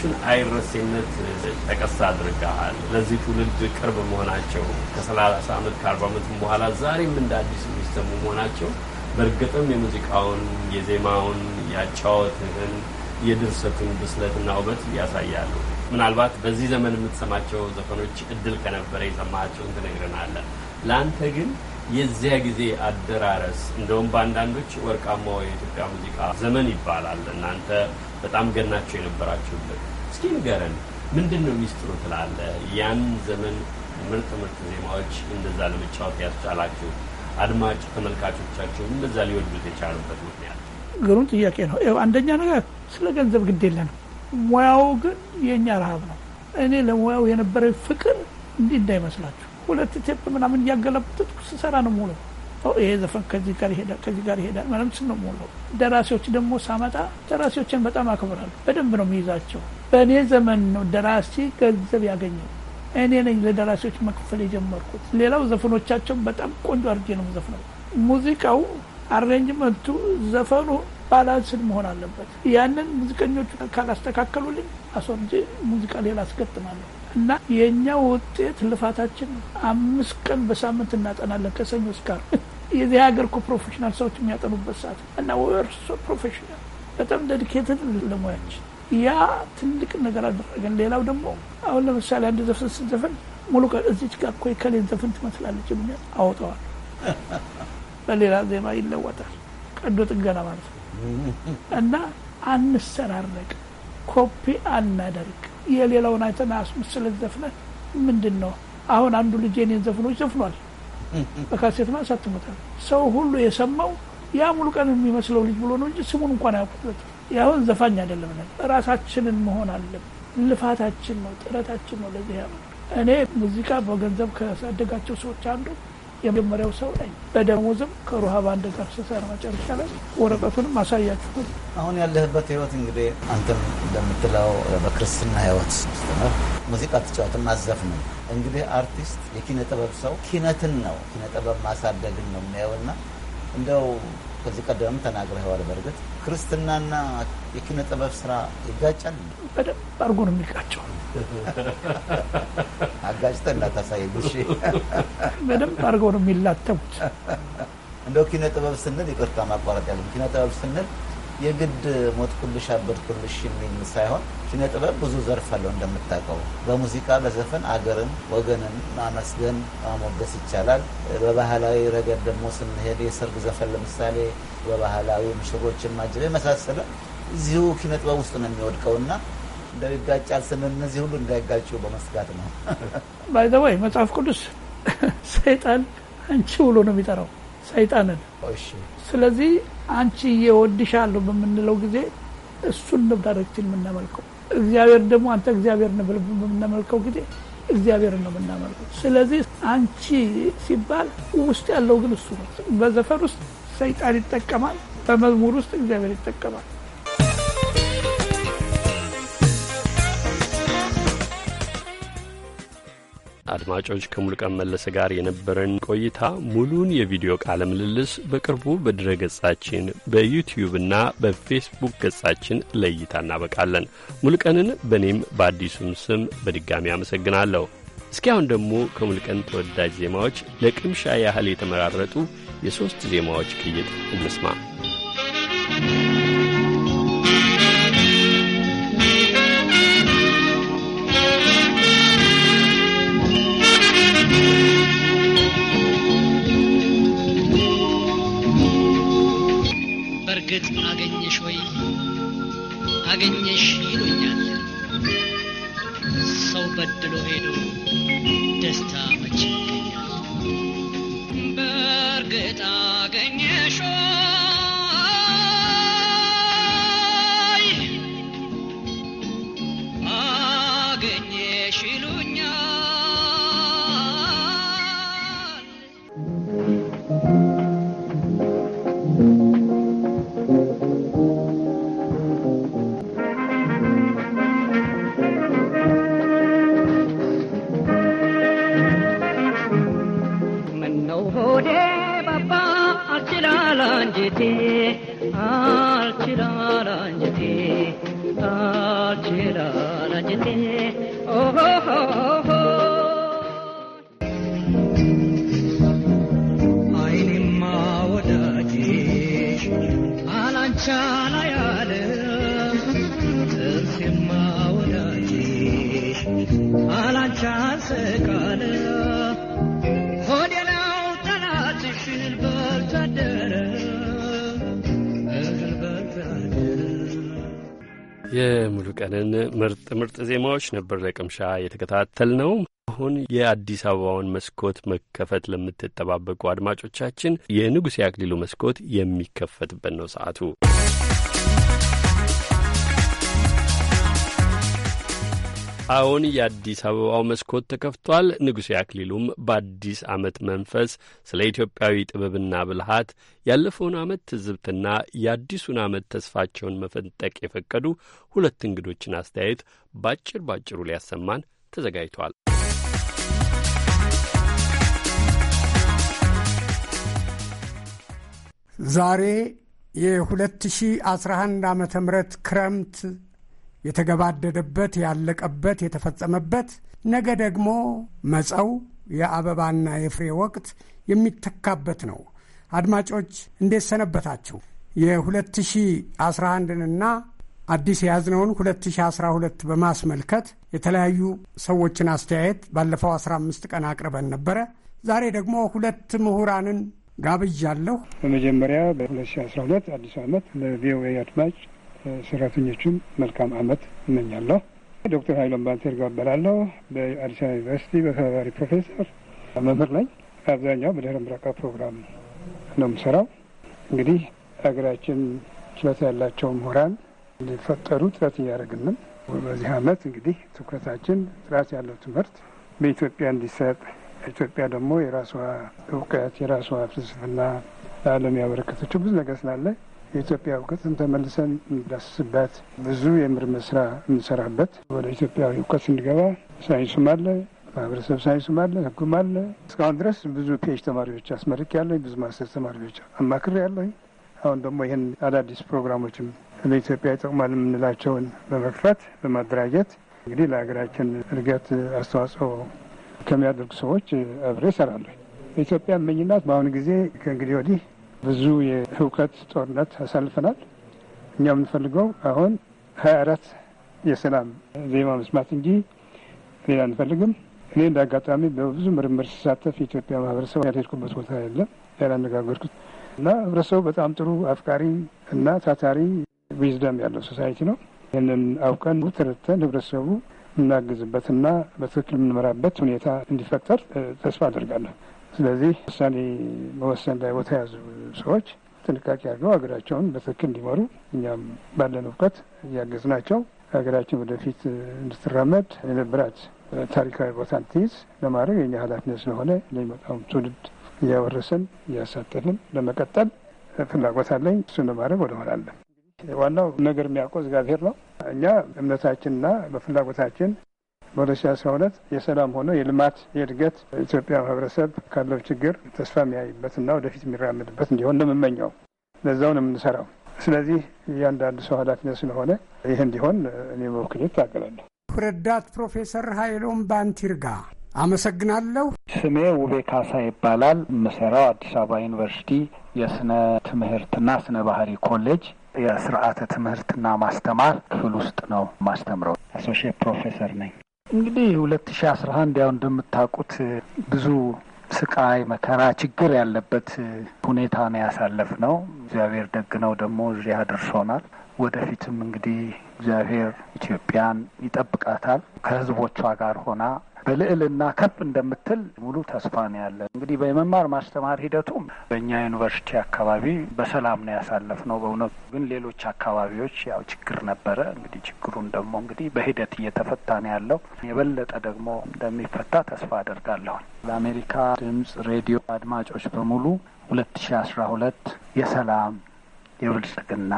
A: የወላጆችን አይረሴነት ጠቀስ አድርገሃል። ለዚህ ትውልድ ቅርብ መሆናቸው ከሰላሳ ዓመት ከአርባ ዓመት በኋላ ዛሬም እንደ አዲስ የሚሰሙ መሆናቸው በእርግጥም የሙዚቃውን፣ የዜማውን፣ ያጫወትህን፣ የድርሰቱን ብስለትና ውበት ያሳያሉ። ምናልባት በዚህ ዘመን የምትሰማቸው ዘፈኖች እድል ከነበረ የሰማቸውን ትነግረናለን። ለአንተ ግን የዚያ ጊዜ አደራረስ እንደውም በአንዳንዶች ወርቃማው የኢትዮጵያ ሙዚቃ ዘመን ይባላል እናንተ በጣም ገናቸው የነበራችሁበት እስኪ ንገረን። ምንድን ነው ሚስጥሩ ትላለ ያን ዘመን ምርጥ ምርጥ ዜማዎች እንደዛ ለመጫወት ያስቻላችሁ አድማጭ ተመልካቾቻቸው እንደዛ ሊወዱት የቻሉበት ምክንያት?
N: ግሩም ጥያቄ ነው። አንደኛ ነገር ስለ ገንዘብ ግድ የለንም። ሙያው ግን የእኛ ረሀብ ነው። እኔ ለሙያው የነበረ ፍቅር እንዲህ እንዳይመስላችሁ። ሁለት ቴፕ ምናምን እያገለበጥኩ ስሰራ ነው ሙሉ ይሄ ዘፈን ከዚህ ጋር ይሄዳል፣ ከዚህ ጋር ይሄዳል ማለት ስ ነው ሞላው። ደራሲዎች ደግሞ ሳመጣ ደራሲዎችን በጣም አክብራሉ። በደንብ ነው የሚይዛቸው። በእኔ ዘመን ነው ደራሲ ገንዘብ ያገኘው። እኔ ነኝ ለደራሲዎች መክፈል የጀመርኩት። ሌላው ዘፈኖቻቸውን በጣም ቆንጆ አድርጌ ነው ዘፍነው። ሙዚቃው፣ አሬንጅመንቱ፣ ዘፈኑ ባላንስን መሆን አለበት። ያንን ሙዚቀኞቹ ካላስተካከሉልኝ አስወርጄ ሙዚቃ ሌላ አስገጥማለሁ። እና የእኛ ውጤት ልፋታችን አምስት ቀን በሳምንት እናጠናለን ከሰኞ እስከ ዓርብ። የዚህ ሀገር እኮ ፕሮፌሽናል ሰዎች የሚያጠኑበት ሰዓት እና ወርሶ ፕሮፌሽናል በጣም ደዲኬትድ ለሙያችን ያ ትልቅ ነገር አደረገን። ሌላው ደግሞ አሁን ለምሳሌ አንድ ዘፈን ስዘፍን ሙሉ እዚች ጋር እኮ የከሌን ዘፈን ትመስላለች ብዬ አወጣዋል። በሌላ ዜማ ይለወጣል። ቀዶ ጥገና ማለት ነው እና አንሰራረቅ፣ ኮፒ አናደርግ የሌላውን አይተን አስመስለን ዘፍነን ምንድን ነው አሁን አንዱ ልጅ የኔን ዘፍኖች ዘፍኗል በካሴት ማን ሳትሞታል ሰው ሁሉ የሰማው ያ ሙሉ ቀን የሚመስለው ልጅ ብሎ ነው እንጂ ስሙን እንኳን አያውቁበት ያሁን ዘፋኝ አይደለም ራሳችንን መሆን አለም ልፋታችን ነው ጥረታችን ነው ለዚህ ያ እኔ ሙዚቃ በገንዘብ ካሳደጋቸው ሰዎች አንዱ የመጀመሪያው ሰው ነኝ። በደሞዝም ከሩሃ ባንድ ጋር ስሰራ መጨረሻ ላይ ወረቀቱን
E: ማሳያችሁ። አሁን ያለህበት ህይወት እንግዲህ አንተም እንደምትለው በክርስትና ህይወት ስትኖር ሙዚቃ ትጫወትም ነው። እንግዲህ አርቲስት የኪነ ጥበብ ሰው ኪነትን ነው ኪነ ጥበብ ማሳደግን ነው የሚያየውና እንደው ከዚህ ቀደም ተናግረዋል። በእርግጥ ክርስትናና የኪነ ጥበብ ስራ ይጋጫል። በደንብ
N: አድርጎ ነው የሚጋጨው።
E: አጋጭተ እንዳታሳይ ብሽ። በደንብ አድርገው ነው የሚላተሙት። እንደው ኪነ ጥበብ ስንል ይቅርታ ማቋረጥ ያለ ኪነ ጥበብ ስንል የግድ ሞትኩልሽ አበድኩልሽ የሚል ሳይሆን ኪነ ጥበብ ብዙ ዘርፍ አለው
J: እንደምታውቀው።
E: በሙዚቃ በዘፈን አገርን ወገንን ማመስገን ማሞገስ ይቻላል። በባህላዊ ረገድ ደግሞ ስንሄድ የሰርግ ዘፈን ለምሳሌ በባህላዊ ምሽሮችን ማጀብ የመሳሰለ እዚሁ ኪነ ጥበብ ውስጥ ነው የሚወድቀውና እንደው ስንል እነዚህ ሁሉ እንዳይጋጩ በመስጋት ነው።
N: ባይዘወይ መጽሐፍ ቅዱስ ሰይጣን አንቺ ብሎ ነው የሚጠራው ሰይጣንን። እሺ ስለዚህ አንቺ እወድሻለሁ በምንለው ጊዜ እሱን ነው ዳይሬክትን የምናመልከው። እግዚአብሔር ደግሞ አንተ እግዚአብሔር ነው በምናመልከው ጊዜ እግዚአብሔር ነው የምናመልከው። ስለዚህ አንቺ ሲባል ውስጥ ያለው ግን እሱ ነው። በዘፈን ውስጥ ሰይጣን ይጠቀማል፣ በመዝሙር ውስጥ እግዚአብሔር ይጠቀማል።
A: አድማጮች ከሙሉቀን መለሰ ጋር የነበረን ቆይታ ሙሉን የቪዲዮ ቃለ ምልልስ በቅርቡ በድረ ገጻችን እና በፌስቡክ ገጻችን ለእይታ እናበቃለን። ሙሉቀንን በእኔም በአዲሱም ስም በድጋሚ አመሰግናለሁ። እስኪ አሁን ደግሞ ከሙሉቀን ተወዳጅ ዜማዎች ለቅምሻ ያህል የተመራረጡ የሦስት ዜማዎች ቅይጥ እንስማ።
F: የማ ቀንን
A: የሙሉቀንን ምርጥ ምርጥ ዜማዎች ነበር ለቅምሻ የተከታተል ነው። አሁን የአዲስ አበባውን መስኮት መከፈት ለምትጠባበቁ አድማጮቻችን የንጉሴ አክሊሉ መስኮት የሚከፈትበት ነው ሰዓቱ። አሁን የአዲስ አበባው መስኮት ተከፍቷል። ንጉሴ አክሊሉም በአዲስ ዓመት መንፈስ ስለ ኢትዮጵያዊ ጥበብና ብልሃት ያለፈውን ዓመት ትዝብትና የአዲሱን ዓመት ተስፋቸውን መፈንጠቅ የፈቀዱ ሁለት እንግዶችን አስተያየት ባጭር ባጭሩ ሊያሰማን ተዘጋጅቷል።
G: ዛሬ የ2011 ዓ ም ክረምት የተገባደደበት፣ ያለቀበት፣ የተፈጸመበት ነገ ደግሞ መጸው የአበባና የፍሬ ወቅት የሚተካበት ነው። አድማጮች እንዴት ሰነበታችሁ? የ2011ንና አዲስ የያዝነውን 2012 በማስመልከት የተለያዩ ሰዎችን አስተያየት ባለፈው 15 ቀን አቅርበን ነበረ። ዛሬ ደግሞ ሁለት ምሁራንን ጋብዣለሁ። በመጀመሪያ በ2012 አዲሱ ዓመት
O: ለቪኦኤ አድማጭ ሰራተኞቹም መልካም አመት እመኛለሁ። ዶክተር ባንቴር ጋር እባላለሁ። በአዲስ አበባ ዩኒቨርሲቲ በተባባሪ ፕሮፌሰር መምህር ላይ አብዛኛው በድህረ ምረቃ ፕሮግራም ነው የምሰራው። እንግዲህ ሀገራችን ችሎታ ያላቸው ምሁራን እንዲፈጠሩ ጥረት እያደረግንም በዚህ አመት እንግዲህ ትኩረታችን ጥራት ያለው ትምህርት በኢትዮጵያ እንዲሰጥ ኢትዮጵያ ደግሞ የራሷ እውቀት የራሷ ፍልስፍና ለዓለም ያበረከተችው ብዙ ነገር ስላለ የኢትዮጵያ እውቀትን ተመልሰን እንዳስስበት ብዙ የምርምር ስራ የምንሰራበት ወደ ኢትዮጵያ እውቀት እንዲገባ ሳይንሱም አለ ማህበረሰብ ሳይንሱም አለ ህጉም አለ። እስካሁን ድረስ ብዙ ፒኤች ተማሪዎች አስመርቅ ያለኝ ብዙ ማስተር ተማሪዎች አማክር ያለኝ። አሁን ደግሞ ይህን አዳዲስ ፕሮግራሞችም ለኢትዮጵያ ይጠቅማል የምንላቸውን በመክፈት በማደራጀት እንግዲህ ለሀገራችን እድገት አስተዋጽኦ ከሚያደርጉ ሰዎች አብሬ እሰራለሁ። ኢትዮጵያ መኝናት በአሁኑ ጊዜ ከእንግዲህ ወዲህ ብዙ የእውቀት ጦርነት አሳልፈናል። እኛ የምንፈልገው አሁን ሀያ አራት የሰላም ዜማ መስማት እንጂ ሌላ አንፈልግም። እኔ እንደ አጋጣሚ በብዙ ምርምር ሲሳተፍ የኢትዮጵያ ማህበረሰብ ያልሄድኩበት ቦታ የለም ያላነጋገርኩት እና ህብረተሰቡ በጣም ጥሩ አፍቃሪ እና ታታሪ ዊዝደም ያለው ሶሳይቲ ነው። ይህንን አውቀን ተረድተን ህብረተሰቡ የምናግዝበትና በትክክል የምንመራበት ሁኔታ እንዲፈጠር ተስፋ አደርጋለሁ። ስለዚህ ውሳኔ መወሰን ላይ ቦታ የያዙ ሰዎች ጥንቃቄ አድርገው ሀገራቸውን በትክክል እንዲመሩ እኛም ባለን እውቀት እያገዝናቸው ሀገራችን ወደፊት እንድትራመድ የነበራት ታሪካዊ ቦታ እንድትይዝ ለማድረግ የኛ ኃላፊነት ስለሆነ ለሚመጣውም ትውልድ እያወረስን እያሳተፍን ለመቀጠል ፍላጎት አለኝ። እሱን ለማድረግ ወደኋላ አለን። ዋናው ነገር የሚያውቀው እግዚአብሔር ነው። እኛ እምነታችንና በፍላጎታችን ወደ ሺ የሰላም ሆነ የልማት የእድገት ኢትዮጵያ ማህበረሰብ ካለው ችግር ተስፋ የሚያይበትና ወደፊት የሚራምድበት እንዲሆን ነው የምመኘው። ለዛው ነው የምንሰራው። ስለዚህ እያንዳንዱ ሰው ኃላፊነት ስለሆነ ይህ እንዲሆን እኔ በወክሌ እታገላለሁ።
G: ረዳት ፕሮፌሰር ሀይሎም ባንቲርጋ
F: አመሰግናለሁ። ስሜ ውቤ ካሳ ይባላል። የምሰራው አዲስ አበባ ዩኒቨርሲቲ የስነ ትምህርትና ስነ ባህሪ ኮሌጅ የስርዓተ ትምህርትና ማስተማር ክፍል ውስጥ ነው ማስተምረው። አሶሽየት ፕሮፌሰር ነኝ። እንግዲህ ሁለት ሺ አስራ አንድ ያው እንደምታውቁት ብዙ ስቃይ፣ መከራ፣ ችግር ያለበት ሁኔታ ነው ያሳለፍ ነው። እግዚአብሔር ደግ ነው ደግሞ እዚህ አድርሶናል። ወደፊትም እንግዲህ እግዚአብሔር ኢትዮጵያን ይጠብቃታል ከህዝቦቿ ጋር ሆና በልዕልና ከፍ እንደምትል ሙሉ ተስፋ ነው ያለ። እንግዲህ በመማር ማስተማር ሂደቱም በእኛ ዩኒቨርሲቲ አካባቢ በሰላም ነው ያሳለፍ ነው። በእውነቱ ግን ሌሎች አካባቢዎች ያው ችግር ነበረ። እንግዲህ ችግሩን ደግሞ እንግዲህ በሂደት እየተፈታ ነው ያለው። የበለጠ ደግሞ እንደሚፈታ ተስፋ አደርጋለሁ። ለአሜሪካ ድምጽ ሬዲዮ አድማጮች በሙሉ ሁለት ሺ አስራ ሁለት የሰላም የብልጽግና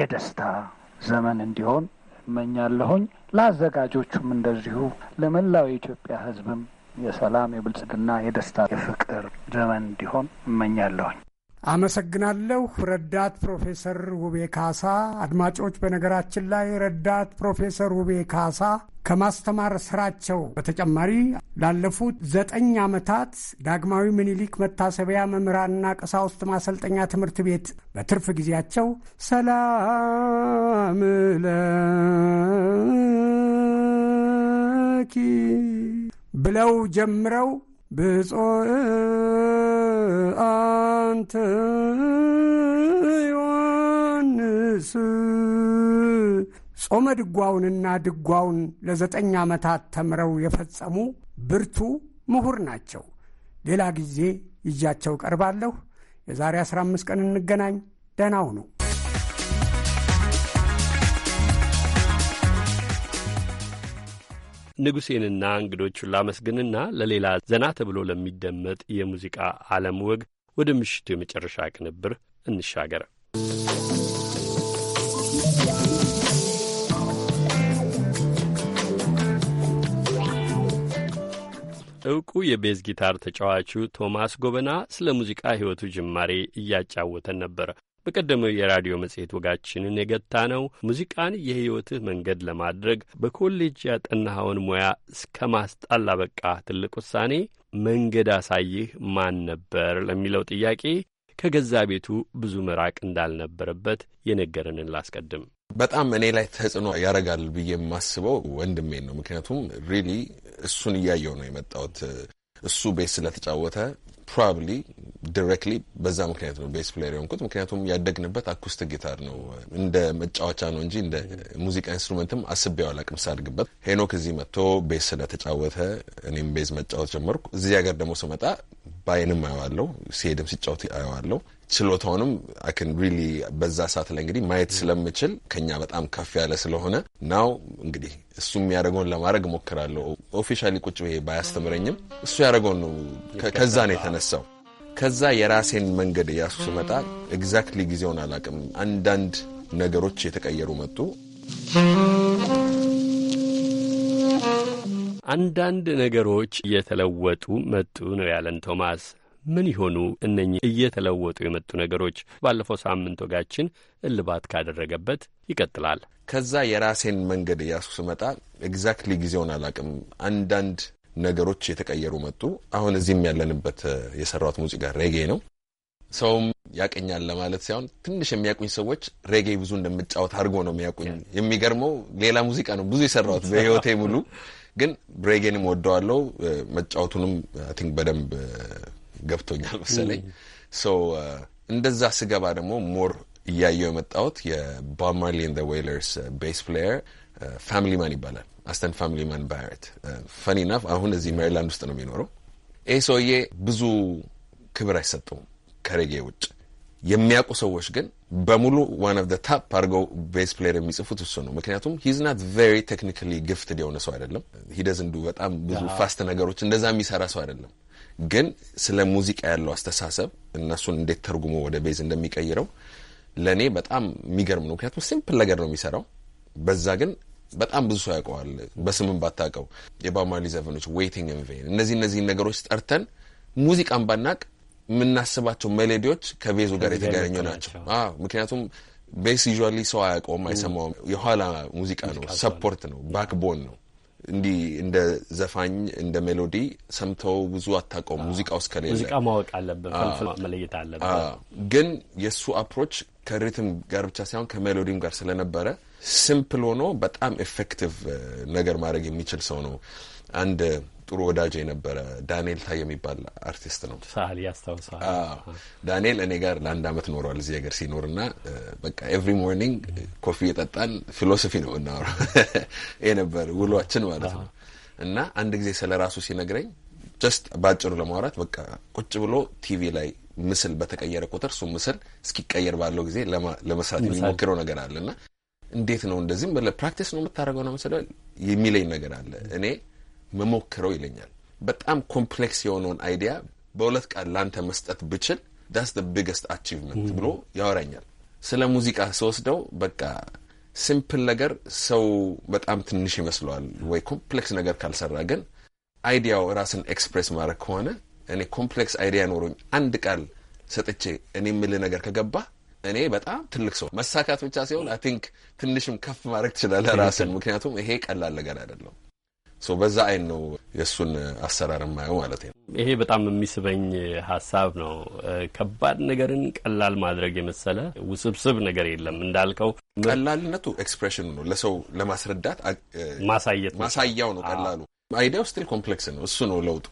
F: የደስታ ዘመን እንዲሆን እመኛለሁኝ። ለአዘጋጆቹም እንደዚሁ ለመላው የኢትዮጵያ ሕዝብም የሰላም፣ የብልጽግና፣ የደስታ፣ የፍቅር ዘመን እንዲሆን እመኛለሁኝ። አመሰግናለሁ ረዳት ፕሮፌሰር
G: ውቤ ካሳ። አድማጮች፣ በነገራችን ላይ ረዳት ፕሮፌሰር ውቤ ካሳ ከማስተማር ስራቸው በተጨማሪ ላለፉት ዘጠኝ ዓመታት ዳግማዊ ምኒልክ መታሰቢያ መምህራንና ቀሳውስት ማሰልጠኛ ትምህርት ቤት በትርፍ ጊዜያቸው ሰላም ለኪ ብለው ጀምረው ብፁዕ አንተ ዮሐንስ ጾመ ድጓውንና ድጓውን ለዘጠኝ ዓመታት ተምረው የፈጸሙ ብርቱ ምሁር ናቸው። ሌላ ጊዜ ይዣቸው ቀርባለሁ። የዛሬ 15 ቀን እንገናኝ። ደህና ሁኑ።
A: ንጉሴንና እንግዶቹን ላመስግንና ለሌላ ዘና ተብሎ ለሚደመጥ የሙዚቃ ዓለም ወግ ወደ ምሽቱ የመጨረሻ ቅንብር እንሻገር። እውቁ የቤዝ ጊታር ተጫዋቹ ቶማስ ጎበና ስለ ሙዚቃ ሕይወቱ ጅማሬ እያጫወተን ነበር። በቀደመው የራዲዮ መጽሔት ወጋችንን የገታ ነው ሙዚቃን የሕይወትህ መንገድ ለማድረግ በኮሌጅ ያጠናኸውን ሙያ እስከ ማስጣል ላበቃ ትልቅ ውሳኔ መንገድ አሳይህ ማን ነበር ለሚለው ጥያቄ ከገዛ ቤቱ ብዙ መራቅ እንዳልነበረበት የነገረንን ላስቀድም። በጣም እኔ ላይ ተጽዕኖ ያደርጋል ብዬ የማስበው ወንድሜን
P: ነው። ምክንያቱም ሪሊ እሱን እያየው ነው የመጣሁት። እሱ ቤስ ስለተጫወተ ፕሮባብሊ ዲሬክትሊ በዛ ምክንያት ነው ቤስ ፕሌየር የሆንኩት። ምክንያቱም ያደግንበት አኩስቲክ ጊታር ነው እንደ መጫወቻ ነው እንጂ እንደ ሙዚቃ ኢንስትሩመንትም አስቤው አላቅም ሳድግበት። ሄኖክ እዚህ መጥቶ ቤስ ስለተጫወተ እኔም ቤዝ መጫወት ጀመርኩ። እዚህ ሀገር ደግሞ ስመጣ በአይንም አየዋለሁ፣ ሲሄድም ሲጫወት አየዋለሁ። ችሎታውንም አይን ሪሊ በዛ ሰዓት ላይ እንግዲህ ማየት ስለምችል ከኛ በጣም ከፍ ያለ ስለሆነ ናው እንግዲህ እሱ የሚያደርገውን ለማድረግ ሞክራለሁ። ኦፊሻሊ ቁጭ ብዬ ባያስተምረኝም እሱ ያደረገውን ነው። ከዛ ነው የተነሳው። ከዛ የራሴን መንገድ እያሱ ስመጣ ኤግዛክትሊ ጊዜውን አላውቅም። አንዳንድ
A: ነገሮች የተቀየሩ መጡ። አንዳንድ ነገሮች እየተለወጡ መጡ ነው ያለን ቶማስ። ምን ይሆኑ እነኚህ እየተለወጡ የመጡ ነገሮች? ባለፈው ሳምንት ወጋችን እልባት ካደረገበት ይቀጥላል። ከዛ የራሴን መንገድ እያሱ ስመጣ ኤግዛክትሊ
P: ጊዜውን አላቅም። አንዳንድ ነገሮች የተቀየሩ መጡ። አሁን እዚህም ያለንበት የሰራሁት ሙዚቃ ሬጌ ነው። ሰውም ያቀኛል ለማለት ሳይሆን ትንሽ የሚያቁኝ ሰዎች ሬጌ ብዙ እንደምጫወት አድርጎ ነው የሚያቁኝ። የሚገርመው ሌላ ሙዚቃ ነው ብዙ የሰራሁት በህይወቴ ሙሉ ግን ሬጌንም ወደዋለው መጫወቱንም ቲንክ በደንብ ገብቶኛል መሰለኝ። እንደዛ ስገባ ደግሞ ሞር እያየው የመጣሁት የቦብ ማርሊ ኤንድ ዌይለርስ ቤስ ፕሌየር ፋሚሊ ማን ይባላል፣ አስተን ፋሚሊ ማን ባረት። ፈኒ ናፍ አሁን እዚህ ሜሪላንድ ውስጥ ነው የሚኖረው። ይህ ሰውዬ ብዙ ክብር አይሰጠውም ከሬጌ ውጭ የሚያውቁ ሰዎች ግን በሙሉ ዋን ኦፍ ደ ታፕ አድርገው ቤስ ፕሌየር የሚጽፉት እሱ ነው። ምክንያቱም ሂዝ ናት ቬሪ ቴክኒካሊ ግፍትድ የሆነ ሰው አይደለም። ሂደዝ እንዱ በጣም ብዙ ፋስት ነገሮች እንደዛ የሚሰራ ሰው አይደለም። ግን ስለ ሙዚቃ ያለው አስተሳሰብ እነሱን እንዴት ተርጉሞ ወደ ቤዝ እንደሚቀይረው ለእኔ በጣም የሚገርም ነው። ምክንያቱም ሲምፕል ነገር ነው የሚሰራው። በዛ ግን በጣም ብዙ ሰው ያውቀዋል። በስምም ባታውቀው የቦብ ማርሊ ዘፈኖች ዌይቲንግ ኢን ቬን፣ እነዚህ እነዚህን ነገሮች ጠርተን ሙዚቃን ባናቅ የምናስባቸው ሜሎዲዎች ከቤዙ ጋር የተገናኙ ናቸው። ምክንያቱም ቤስ ዩዥዋሊ ሰው አያውቀውም፣ አይሰማውም። የኋላ ሙዚቃ ነው፣ ሰፖርት ነው፣ ባክቦን ነው። እንዲህ እንደ ዘፋኝ እንደ ሜሎዲ ሰምተው ብዙ አታውቀውም። ሙዚቃ ውስጥ ከሌለ ሙዚቃ
A: ማወቅ አለብን፣ መለየት አለብን።
P: ግን የእሱ አፕሮች ከሪትም ጋር ብቻ ሳይሆን ከሜሎዲም ጋር ስለነበረ ሲምፕል ሆኖ በጣም ኤፌክቲቭ uh, ነገር ማድረግ የሚችል ሰው ነው። አንድ ጥሩ ወዳጅ የነበረ ዳንኤል ታይ የሚባል አርቲስት ነው። ያስታውሳል። ዳንኤል እኔ ጋር ለአንድ አመት ኖሯል እዚህ ሀገር ሲኖር እና በቃ ኤቭሪ ሞርኒንግ ኮፊ የጠጣን ፊሎሶፊ ነው የምናወራው የነበር ውሏችን ማለት ነው። እና አንድ ጊዜ ስለ ራሱ ሲነግረኝ ጀስት በአጭሩ ለማውራት በቃ ቁጭ ብሎ ቲቪ ላይ ምስል በተቀየረ ቁጥር እሱ ምስል እስኪቀየር ባለው ጊዜ ለመስራት የሚሞክረው ነገር አለ እና እንዴት ነው እንደዚህም ፕራክቲስ ነው የምታደርገው ነው የሚለኝ ነገር አለ እኔ መሞክረው ይለኛል። በጣም ኮምፕሌክስ የሆነውን አይዲያ በሁለት ቃል ለአንተ መስጠት ብችል ዳስ ደ ቢገስት አቺቭመንት ብሎ ያወራኛል። ስለ ሙዚቃ ስወስደው በቃ ሲምፕል ነገር ሰው በጣም ትንሽ ይመስለዋል፣ ወይ ኮምፕሌክስ ነገር ካልሰራ ግን አይዲያው ራስን ኤክስፕሬስ ማድረግ ከሆነ እኔ ኮምፕሌክስ አይዲያ ኖሮኝ አንድ ቃል ሰጥቼ እኔ የምልህ ነገር ከገባ እኔ በጣም ትልቅ ሰው መሳካት ብቻ ሲሆን አይ ቲንክ ትንሽም ከፍ ማድረግ ትችላለህ ራስን። ምክንያቱም ይሄ ቀላል ነገር አይደለም።
A: በዛ አይን ነው የእሱን አሰራር የማየው ማለት ነው። ይሄ በጣም የሚስበኝ ሀሳብ ነው። ከባድ ነገርን ቀላል ማድረግ የመሰለ ውስብስብ ነገር የለም። እንዳልከው ቀላልነቱ ኤክስፕሬሽኑ ነው፣ ለሰው ለማስረዳት ማሳየት ማሳያው ነው። ቀላሉ አይዲያው ስቲል ኮምፕሌክስ ነው። እሱ ነው ለውጡ።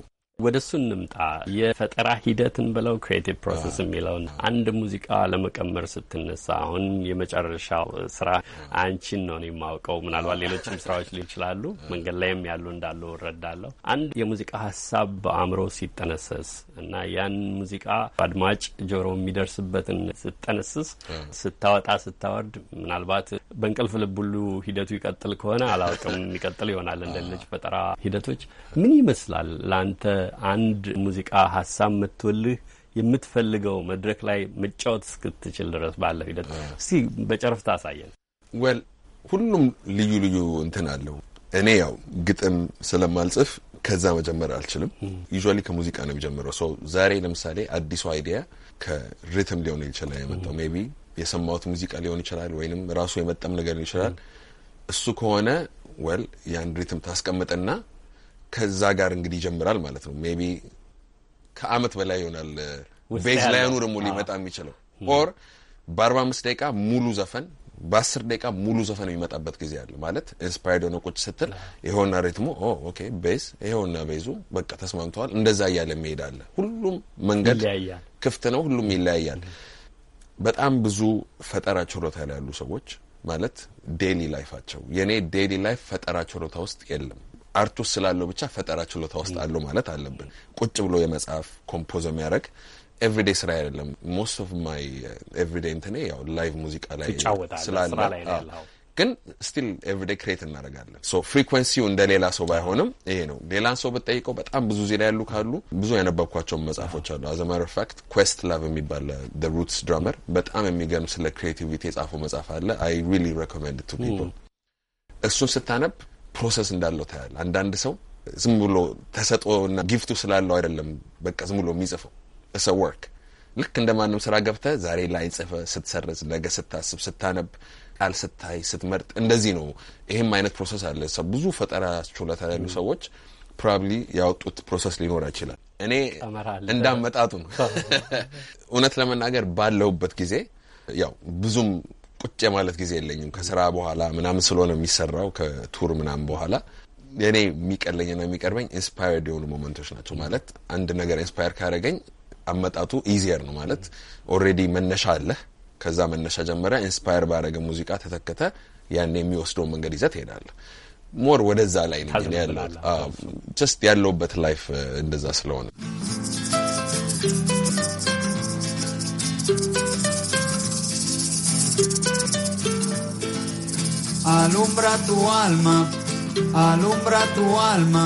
A: ወደ እሱ እንምጣ። የፈጠራ ሂደትን ብለው ክሬቲቭ ፕሮሰስ የሚለውን አንድ ሙዚቃ ለመቀመር ስትነሳ አሁን የመጨረሻው ስራ አንቺን ነው የማውቀው። ምናልባት ሌሎችም ስራዎች ሊሆን ይችላሉ፣ መንገድ ላይም ያሉ እንዳሉ እረዳለሁ። አንድ የሙዚቃ ሀሳብ በአእምሮ ሲጠነሰስ እና ያን ሙዚቃ አድማጭ ጆሮ የሚደርስበትን ስጠነስስ፣ ስታወጣ፣ ስታወርድ ምናልባት በእንቅልፍ ልብ ሁሉ ሂደቱ ይቀጥል ከሆነ አላውቅም፣ የሚቀጥል ይሆናል እንደ ልጅ ፈጠራ ሂደቶች ምን ይመስላል ለአንተ አንድ ሙዚቃ ሀሳብ መጥቶልህ የምትፈልገው መድረክ ላይ መጫወት እስክትችል ድረስ ባለው ሂደት እስቲ በጨረፍታ አሳየን።
P: ወል ሁሉም ልዩ ልዩ እንትን አለው። እኔ ያው ግጥም ስለማልጽፍ ከዛ መጀመር አልችልም። ዩዥዋሊ ከሙዚቃ ነው የሚጀምረው ሰው። ዛሬ ለምሳሌ አዲሱ አይዲያ ከሪትም ሊሆን ይችላል የመጣው ሜይ ቢ የሰማሁት ሙዚቃ ሊሆን ይችላል ወይንም ራሱ የመጣም ነገር ሊሆን ይችላል። እሱ ከሆነ ወል ያን ሪትም ታስቀምጠና ከዛ ጋር እንግዲህ ይጀምራል ማለት ነው። ሜይ ቢ ከአመት በላይ ይሆናል ቤዝ ላይኑ ደግሞ ሊመጣ የሚችለው ኦር በአርባ አምስት ደቂቃ ሙሉ ዘፈን በአስር ደቂቃ ሙሉ ዘፈን የሚመጣበት ጊዜ አለ ማለት ኢንስፓየርድ ሆነ ቁጭ ስትል ይኸውና ሪትሙ ኦኬ ቤዝ ይኸውና ቤዙ በቃ ተስማምተዋል። እንደዛ እያለ መሄድ ሁሉም መንገድ ክፍት ነው። ሁሉም ይለያያል። በጣም ብዙ ፈጠራ ችሎታ ላይ ያሉ ሰዎች ማለት ዴይሊ ላይፋቸው የእኔ ዴይሊ ላይፍ ፈጠራ ችሎታ ውስጥ የለም። አርቱስ ስላለው ብቻ ፈጠራ ችሎታ ውስጥ አለው ማለት አለብን። ቁጭ ብሎ የመጽሐፍ ኮምፖዝ የሚያደርግ ኤቭሪዴ ስራ አይደለም። ሞስት ኦፍ ማይ ኤቭሪዴ እንትኔ ያው ላይቭ ሙዚቃ ላይ ስላለ ግን ስቲል ኤቭሪዴ ክሬት እናደርጋለን። ሶ ፍሪኩዌንሲው እንደ ሌላ ሰው ባይሆንም ይሄ ነው። ሌላን ሰው ብጠይቀው በጣም ብዙ ዜላ ያሉ ካሉ ብዙ ያነበብኳቸውን መጽሐፎች አሉ። አዘ ማር ፋክት ኩዌስት ላቭ የሚባል ሩትስ uh, ድራመር በጣም የሚገርም ስለ ክሬቲቪቲ የጻፈው መጽሐፍ አለ። አይ ሪሊ ሬኮሜንድ ቱ ፒፕል እሱን ስታነብ ፕሮሰስ እንዳለው ታያል። አንዳንድ ሰው ዝም ብሎ ተሰጥኦና ጊፍቱ ስላለው አይደለም፣ በቃ ዝም ብሎ የሚጽፈው እሰ ወርክ ልክ እንደ ማንም ስራ ገብተ ዛሬ ላይ ጽፈ ስትሰርዝ፣ ነገ ስታስብ፣ ስታነብ፣ ቃል ስታይ፣ ስትመርጥ እንደዚህ ነው። ይህም አይነት ፕሮሰስ አለ። ብዙ ፈጠራ ችሎታ ያሉ ሰዎች ፕሮባብሊ ያወጡት ፕሮሰስ ሊኖር ይችላል። እኔ እንዳመጣጡ ነው። እውነት ለመናገር ባለሁበት ጊዜ ያው ብዙም ቁጭ የማለት ጊዜ የለኝም። ከስራ በኋላ ምናምን ስለሆነ የሚሰራው ከቱር ምናምን በኋላ እኔ ና የሚቀርበኝ ኢንስፓየርድ የሆኑ ሞመንቶች ናቸው። ማለት አንድ ነገር ኢንስፓየር ካደረገኝ አመጣጡ ኢዚየር ነው። ማለት ኦልሬዲ መነሻ አለህ። ከዛ መነሻ ጀመሪያ ኢንስፓየር ባደረገ ሙዚቃ ተተከተ ያን የሚወስደውን መንገድ ይዘት ትሄዳለህ። ሞር ወደዛ ላይ ነው ያለው። ያለውበት ላይፍ እንደዛ ስለሆነ
F: alumbra tu alma, alumbra tu alma.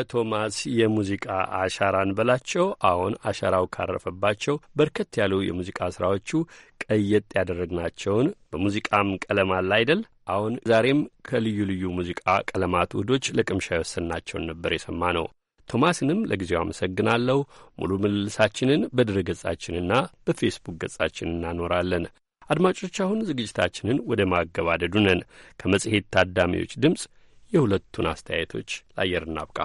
A: ከቶማስ የሙዚቃ አሻራን በላቸው። አሁን አሻራው ካረፈባቸው በርከት ያሉ የሙዚቃ ስራዎቹ ቀየጥ ያደረግናቸውን በሙዚቃም ቀለም አለ አይደል? አሁን ዛሬም ከልዩ ልዩ ሙዚቃ ቀለማት ውህዶች ለቅምሻ የወሰናቸውን ነበር የሰማ ነው። ቶማስንም ለጊዜው አመሰግናለሁ። ሙሉ ምልልሳችንን ገጻችንና በፌስቡክ ገጻችን እናኖራለን። አድማጮች አሁን ዝግጅታችንን ወደ ማገባደዱ ነን። ከመጽሔት ታዳሚዎች ድምፅ የሁለቱን አስተያየቶች ለአየር እናብቃ።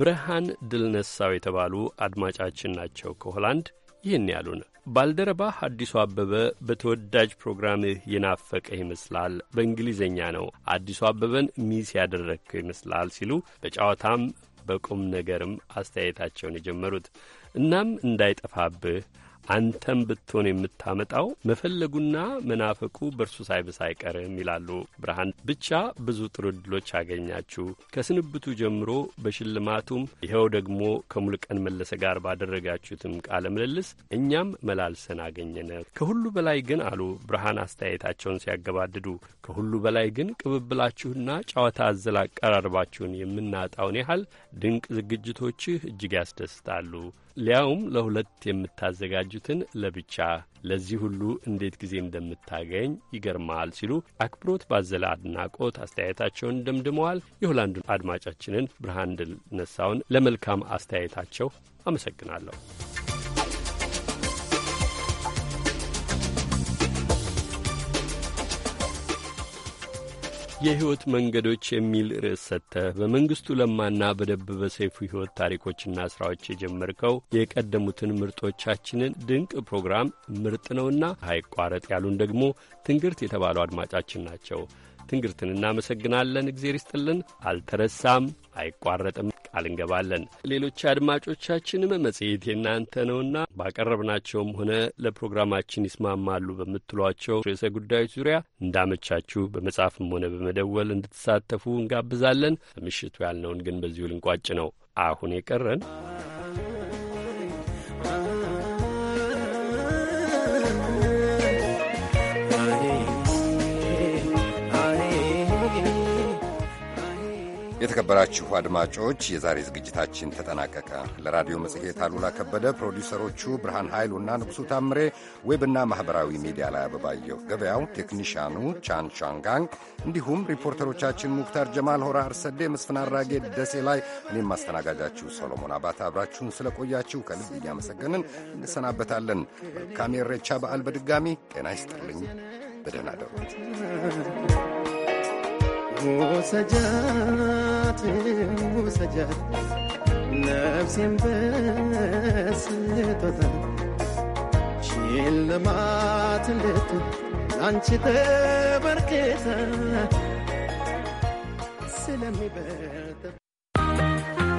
A: ብርሃን ድልነሳው የተባሉ አድማጫችን ናቸው ከሆላንድ ይህን ያሉን ባልደረባ አዲሱ አበበ በተወዳጅ ፕሮግራምህ የናፈቀህ ይመስላል። በእንግሊዝኛ ነው አዲሱ አበበን ሚስ ያደረግከው ይመስላል ሲሉ በጨዋታም በቁም ነገርም አስተያየታቸውን የጀመሩት። እናም እንዳይጠፋብህ አንተም ብትሆን የምታመጣው መፈለጉና መናፈቁ በእርሱ ሳይብስ አይቀርም ይላሉ ብርሃን። ብቻ ብዙ ጥሩ እድሎች አገኛችሁ ከስንብቱ ጀምሮ በሽልማቱም ይኸው ደግሞ ከሙልቀን መለሰ ጋር ባደረጋችሁትም ቃለ ምልልስ እኛም መላልሰን አገኘነ። ከሁሉ በላይ ግን አሉ ብርሃን አስተያየታቸውን ሲያገባድዱ፣ ከሁሉ በላይ ግን ቅብብላችሁና ጨዋታ አዘል አቀራርባችሁን የምናጣውን ያህል ድንቅ ዝግጅቶችህ እጅግ ያስደስታሉ። ሊያውም ለሁለት የምታዘጋጁትን ለብቻ ለዚህ ሁሉ እንዴት ጊዜ እንደምታገኝ ይገርማል ሲሉ አክብሮት ባዘለ አድናቆት አስተያየታቸውን ደምድመዋል። የሆላንዱን አድማጫችንን ብርሃን ድል ነሳውን ለመልካም አስተያየታቸው አመሰግናለሁ። የሕይወት መንገዶች የሚል ርዕስ ሰጥተ በመንግሥቱ ለማና በደበበ ሰይፉ ሕይወት ታሪኮችና ሥራዎች የጀመርከው የቀደሙትን ምርጦቻችንን ድንቅ ፕሮግራም ምርጥ ነውና አይቋረጥ ያሉን ደግሞ ትንግርት የተባሉ አድማጫችን ናቸው። ትንግርትን እናመሰግናለን። እግዜር ይስጥልን። አልተረሳም፣ አይቋረጥም። ቃል እንገባለን። ሌሎች አድማጮቻችንም መጽሔት የእናንተ ነውና ባቀረብናቸውም ሆነ ለፕሮግራማችን ይስማማሉ በምትሏቸው ርዕሰ ጉዳዮች ዙሪያ እንዳመቻችሁ በመጻፍም ሆነ በመደወል እንድትሳተፉ እንጋብዛለን። ምሽቱ ያልነውን ግን በዚሁ ልንቋጭ ነው። አሁን የቀረን
D: የተከበራችሁ አድማጮች የዛሬ ዝግጅታችን ተጠናቀቀ። ለራዲዮ መጽሔት አሉላ ከበደ፣ ፕሮዲውሰሮቹ ብርሃን ኃይሉ እና ንጉሡ ታምሬ፣ ዌብና ማኅበራዊ ሚዲያ ላይ አበባየሁ ገበያው፣ ቴክኒሽያኑ ቻን ሻንጋንግ፣ እንዲሁም ሪፖርተሮቻችን ሙክታር ጀማል፣ ሆራ አርሰዴ፣ መስፍን አራጌ ደሴ ላይ እኔም ማስተናጋጃችሁ ሰሎሞን አባተ አብራችሁን ስለቆያችሁ ከልብ እያመሰገንን እንሰናበታለን። መልካም የኢሬቻ በዓል በድጋሚ ጤና ይስጥልኝ። በደህና Sajjah በእናት ውሰጃት
E: ነፍሴን በስጦታ
L: ሽልማት ልትሆን አንቺ ተበርክታ
F: ስለሚበርታ